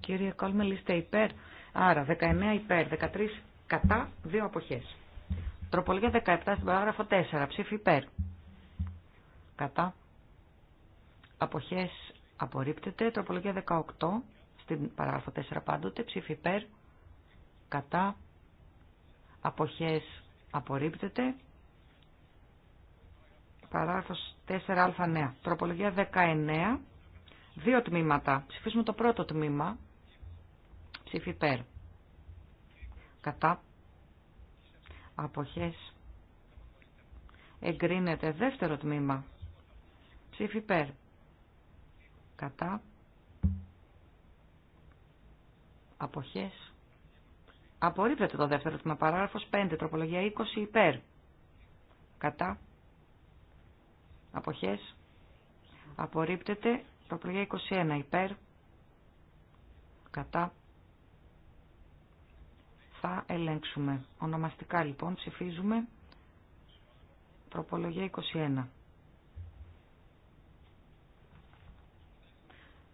Κύριε Κόλμελ, είστε υπέρ. Άρα 19 υπέρ, 13 κατά, 2 αποχές. Τροπολογία 17 στην παράγραφο 4, ψήφι υπέρ. Κατά. Αποχές απορρίπτεται. Τροπολογία 18 στην παράγραφο 4 πάντοτε, ψήφι υπέρ. Κατά. Αποχές απορρίπτεται. Παράγραφος 4α 4α9. Τροπολογία 19 Δύο τμήματα. Ψηφίσουμε το πρώτο τμήμα. Ψήφι υπέρ. Κατά. Αποχές. Εγκρίνεται δεύτερο τμήμα. Ψήφι υπέρ. Κατά. Αποχές. Απορρίπτεται το δεύτερο τμήμα. Παράγραφος 5. Τροπολογία 20 υπέρ. Κατά. Αποχές. Απορρίπτεται Προπολογία 21 υπέρ. Κατά. Θα ελέγξουμε. Ονομαστικά λοιπόν ψηφίζουμε. προπολογία 21.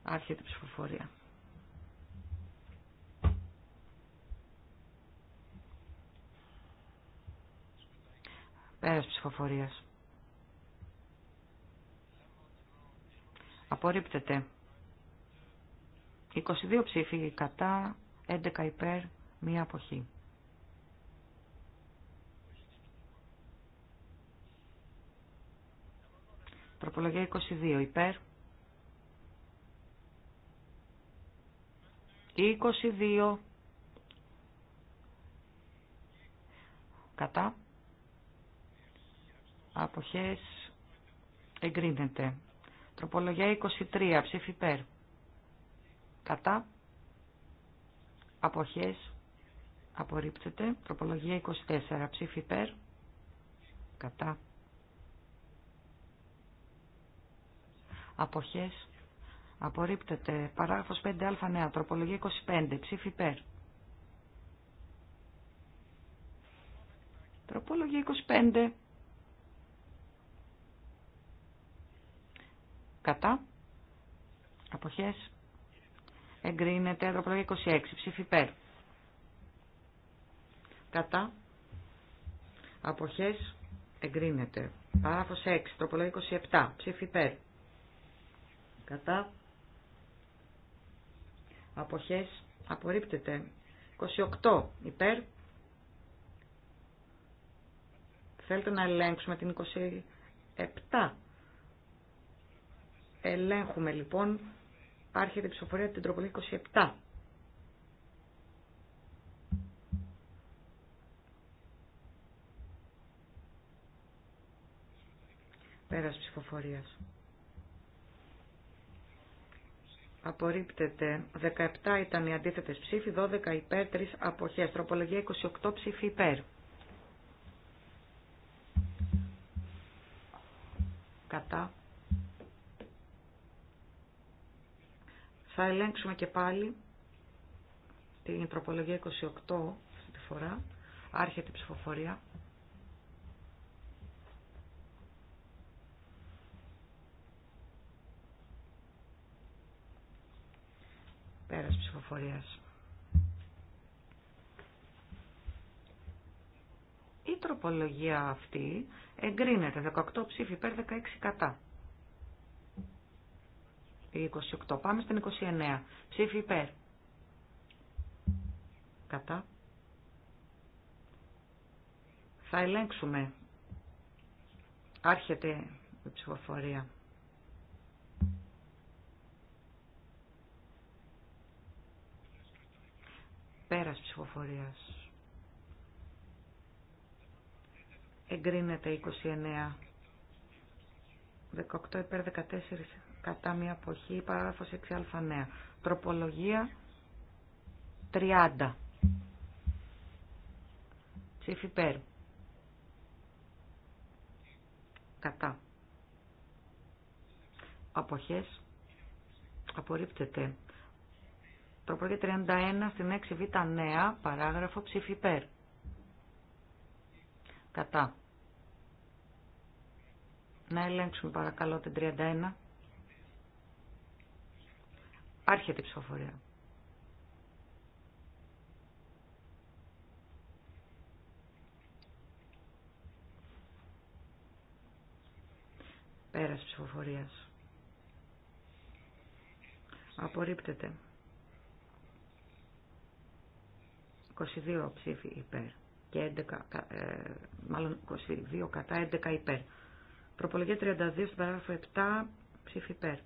Άρχεται η ψηφοφορία. Πέρας ψηφοφορίας. Απορρίπτεται. 22 ψήφοι κατά, 11 υπέρ, μία αποχή. Τροπολογία 22 υπέρ. 22 κατά αποχές εγκρίνεται Τροπολογία 23. Ψήφι υπέρ. Κατά. Αποχές. Απορρίπτεται. Τροπολογία 24. Ψήφι υπέρ. Κατά. Αποχές. Απορρίπτεται. Παράγραφος 5α νέα. Τροπολογία 25. Ψήφι υπέρ. Τροπολογία 25. Κατά. Αποχές. Εγκρίνεται. Τροπολογία 26. Ψήφι υπέρ. Κατά. Αποχές. Εγκρίνεται. Παράφος 6. Τροπολογία 27. Ψήφι υπέρ. Κατά. Αποχές. Απορρίπτεται. 28. Υπέρ. Θέλετε να ελέγξουμε την 27. Ελέγχουμε λοιπόν. Άρχεται η ψηφοφορία την τροπολή 27. Πέρας ψηφοφορίας. Απορρίπτεται. 17 ήταν οι αντίθετες ψήφοι, 12 υπέρ, 3 αποχές. Τροπολογία 28 ψήφοι υπέρ. Κατά. Θα ελέγξουμε και πάλι την τροπολογία 28 αυτή τη φορά. Άρχεται η ψηφοφορία. Πέρας ψηφοφορίας. Η τροπολογία αυτή εγκρίνεται 18 ψήφι υπέρ 16 κατά. 28. Πάμε στην 29. Ψήφι υπέρ. Κατά. Θα ελέγξουμε. Άρχεται η ψηφοφορία. Πέρας ψηφοφορίας. Εγκρίνεται 29. 18 υπέρ 14 κατά μία αποχή, παράγραφος 6α νέα. Τροπολογία 30. Ψήφι Πέρ. Κατά. Αποχές. Απορρίπτεται. Τροπολογία 31 στην 6β νέα, παράγραφο ψήφι Πέρ. Κατά. Να ελέγξουμε παρακαλώ την 31. Άρχεται η ψηφοφορία. Πέρας ψηφοφορίας. Απορρίπτεται. 22 ψήφοι υπέρ και 11, ε, μάλλον 22 κατά 11 υπέρ. Προπολογία 32 στην παράγραφο 7 ψήφι υπέρ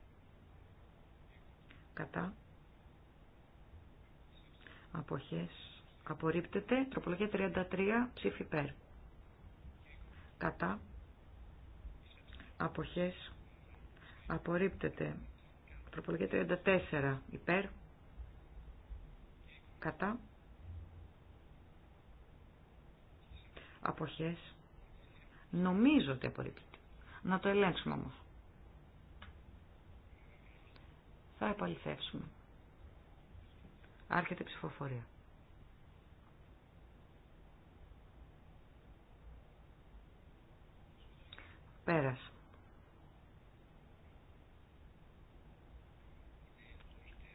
κατά αποχές απορρίπτεται τροπολογία 33 ψήφι υπέρ κατά αποχές απορρίπτεται τροπολογία 34 υπέρ κατά αποχές νομίζω ότι απορρίπτεται να το ελέγξουμε όμως Θα επαληθεύσουμε. Άρχεται η ψηφοφορία. Πέρας.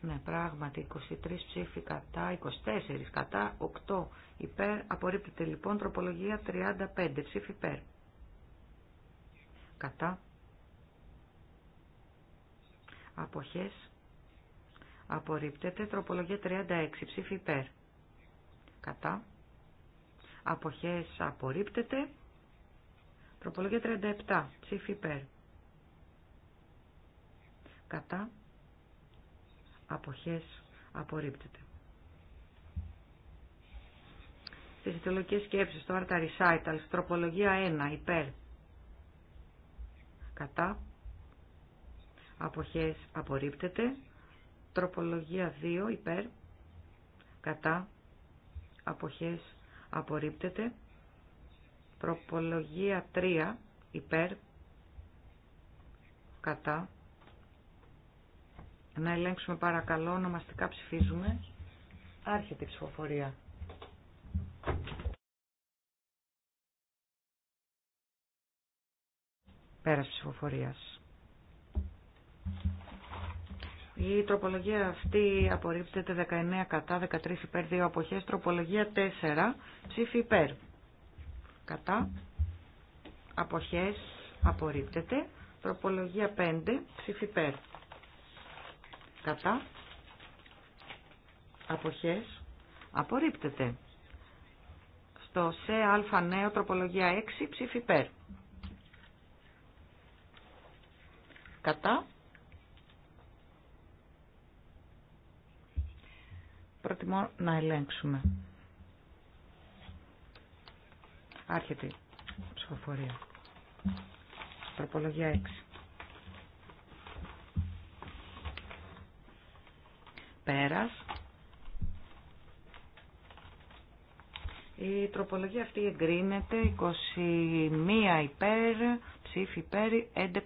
Ναι, πράγματι, 23 ψήφοι κατά, 24 κατά, 8 υπέρ. Απορρίπτεται λοιπόν τροπολογία 35 ψήφοι υπέρ. Κατά. Αποχές. Απορρίπτεται. Τροπολογία 36. Ψήφι υπέρ. Κατά. Αποχές απορρίπτεται. Τροπολογία 37. Ψήφι υπέρ. Κατά. Αποχές απορρίπτεται. Στις ιδεολογικές σκέψεις, το Arta Recitals, τροπολογία 1. Υπέρ. Κατά. Αποχές απορρίπτεται. Τροπολογία 2 υπέρ, κατά, αποχές απορρίπτεται. Τροπολογία 3 υπέρ, κατά. Να ελέγξουμε παρακαλώ, ονομαστικά ψηφίζουμε. Άρχεται η ψηφοφορία. Πέρας ψηφοφορίας. Η τροπολογία αυτή απορρίπτεται 19 κατά, 13 υπέρ, 2 αποχές. Τροπολογία 4, ψήφι υπέρ. Κατά, αποχές, απορρίπτεται. Τροπολογία 5, ψήφι υπέρ. Κατά, αποχές, απορρίπτεται. Στο σε αλφα νέο τροπολογία 6, ψήφι υπέρ. Κατά, προτιμώ να ελέγξουμε. Άρχεται η ψηφοφορία. Τροπολογία 6. Πέρας. Η τροπολογία αυτή εγκρίνεται 21 υπέρ, ψήφι υπέρ,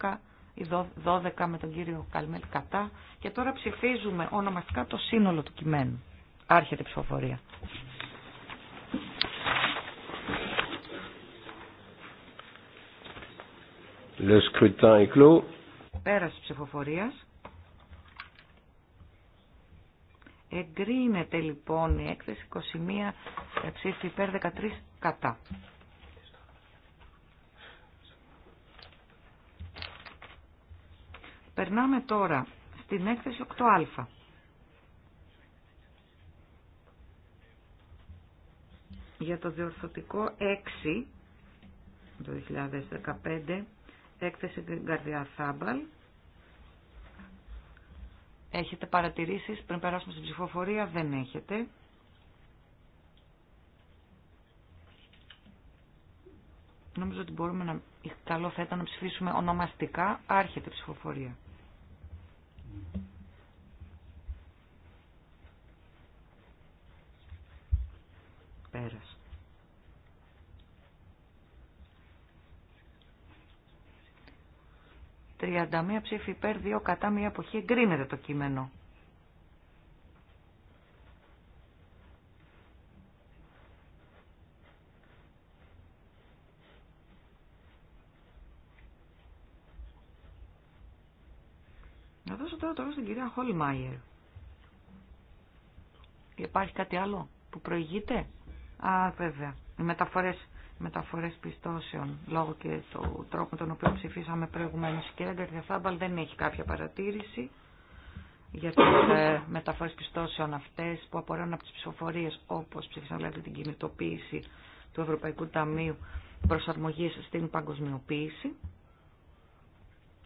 11 ή 12 με τον κύριο Καλμέλ κατά και τώρα ψηφίζουμε ονομαστικά το σύνολο του κειμένου. Άρχεται η ψηφοφορία. Πέραση ψηφοφορία. Εγκρίνεται λοιπόν η έκθεση 21 ψήφι υπέρ 13 κατά. Περνάμε τώρα στην έκθεση 8α. για το διορθωτικό 6 το 2015 έκθεση την Καρδιά Θάμπαλ. Έχετε παρατηρήσεις πριν περάσουμε στην ψηφοφορία, δεν έχετε. Νομίζω ότι μπορούμε να... Καλό θα ήταν να ψηφίσουμε ονομαστικά. Άρχεται ψηφοφορία. Πέρασε. 31 ψήφοι υπέρ, 2 κατά, 1 εποχή Εγκρίνεται το κείμενο. Να δώσω τώρα το λόγο στην κυρία Χολμάιερ. Υπάρχει κάτι άλλο που προηγείται. Α, βέβαια. Οι μεταφορές μεταφορές πιστώσεων λόγω και του τρόπου τον οποίο ψηφίσαμε προηγουμένως. Η κυρία Γκαρδιαθάμπαλ δεν έχει κάποια παρατήρηση για τις ε, μεταφορές πιστώσεων αυτές που απορρέουν από τις ψηφοφορίες όπως ψηφίσαμε δηλαδή την κινητοποίηση του Ευρωπαϊκού Ταμείου προσαρμογής στην παγκοσμιοποίηση.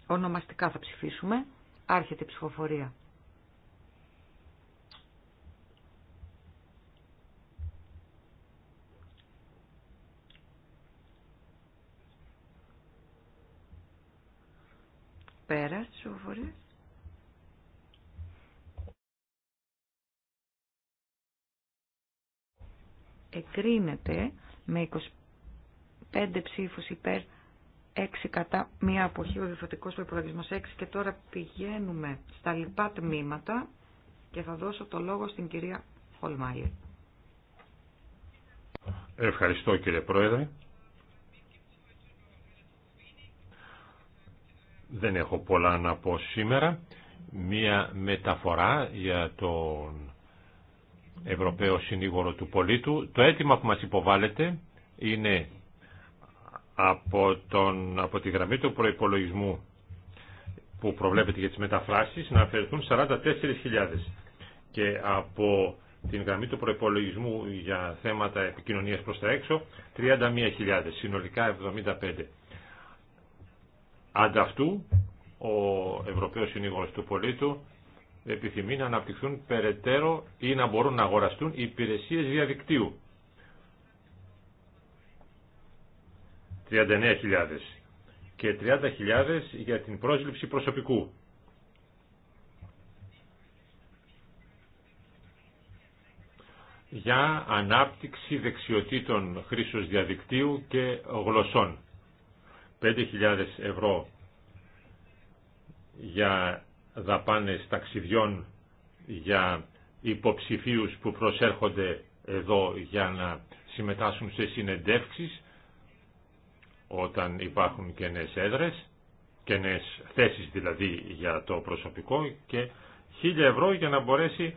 Ονομαστικά θα ψηφίσουμε. Άρχεται η ψηφοφορία. Καλησπέρα στις με 25 ψήφους υπέρ 6 κατά μία αποχή ο διορθωτικός προπολογισμός 6 και τώρα πηγαίνουμε στα λοιπά τμήματα και θα δώσω το λόγο στην κυρία Χολμάγερ. Ευχαριστώ κύριε Πρόεδρε. Δεν έχω πολλά να πω σήμερα. Μία μεταφορά για τον Ευρωπαίο Συνήγορο του Πολίτου. Το αίτημα που μας υποβάλλεται είναι από, τον, τη γραμμή του προϋπολογισμού που προβλέπεται για τις μεταφράσεις να αφαιρεθούν 44.000 και από την γραμμή του προϋπολογισμού για θέματα επικοινωνίας προς τα έξω 31.000, συνολικά 75. Ανταυτού, ο Ευρωπαίος Συνήγορος του Πολίτου επιθυμεί να αναπτυχθούν περαιτέρω ή να μπορούν να αγοραστούν οι υπηρεσίες διαδικτύου. 39.000 και 30.000 για την πρόσληψη προσωπικού. για ανάπτυξη δεξιοτήτων χρήσεως διαδικτύου και γλωσσών. 5.000 ευρώ για δαπάνες ταξιδιών για υποψηφίους που προσέρχονται εδώ για να συμμετάσχουν σε συνεντεύξεις όταν υπάρχουν και νέες έδρες και θέσεις δηλαδή για το προσωπικό και 1.000 ευρώ για να μπορέσει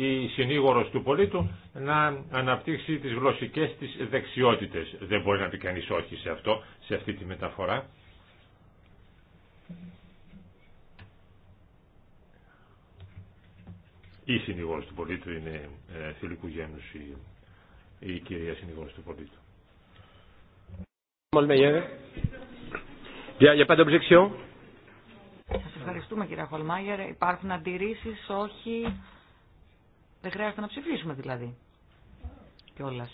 η συνήγορος του πολίτου να αναπτύξει τις γλωσσικές της δεξιότητες. Δεν μπορεί να πει κανεί όχι σε αυτό, σε αυτή τη μεταφορά. Η συνήγορος του πολίτου είναι ε, θηλυκού γένους η, η κυρία συνήγορος του πολίτου. Για Σας ευχαριστούμε κύριε Χολμάγερ. Υπάρχουν αντιρρήσεις, όχι. Δεν χρειάζεται να ψηφίσουμε δηλαδή. Κιόλα.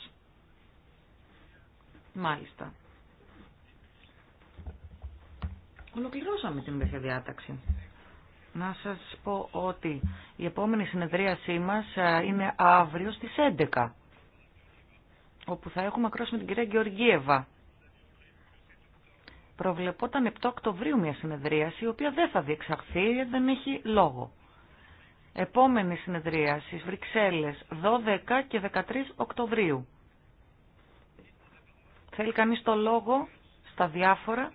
Μάλιστα. Ολοκληρώσαμε την μεσαία διάταξη. Να σας πω ότι η επόμενη συνεδρίασή μας ε, είναι αύριο στις 11 όπου θα έχουμε ακρόαση με την κυρία Γεωργίευα. Προβλεπόταν 7 Οκτωβρίου μια συνεδρίαση, η οποία δεν θα διεξαχθεί, δεν έχει λόγο. Επόμενη συνεδρίαση, Βρυξέλλες, 12 και 13 Οκτωβρίου. Θέλει κανείς το λόγο στα διάφορα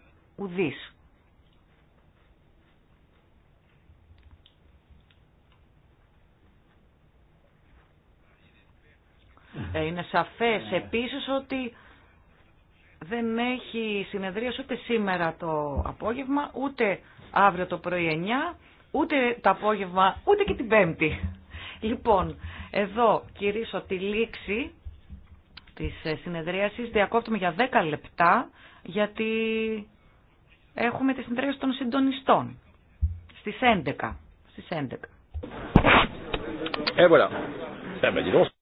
Ε, είναι σαφές επίσης ότι δεν έχει συνεδρίες ούτε σήμερα το απόγευμα, ούτε αύριο το πρωί 9 ούτε το απόγευμα, ούτε και την Πέμπτη. Λοιπόν, εδώ κηρύσω τη λήξη της ε, συνεδρίασης. Διακόπτουμε για 10 λεπτά, γιατί έχουμε τη συνεδρίαση των συντονιστών στις 11. Στις 11. Et ε, voilà.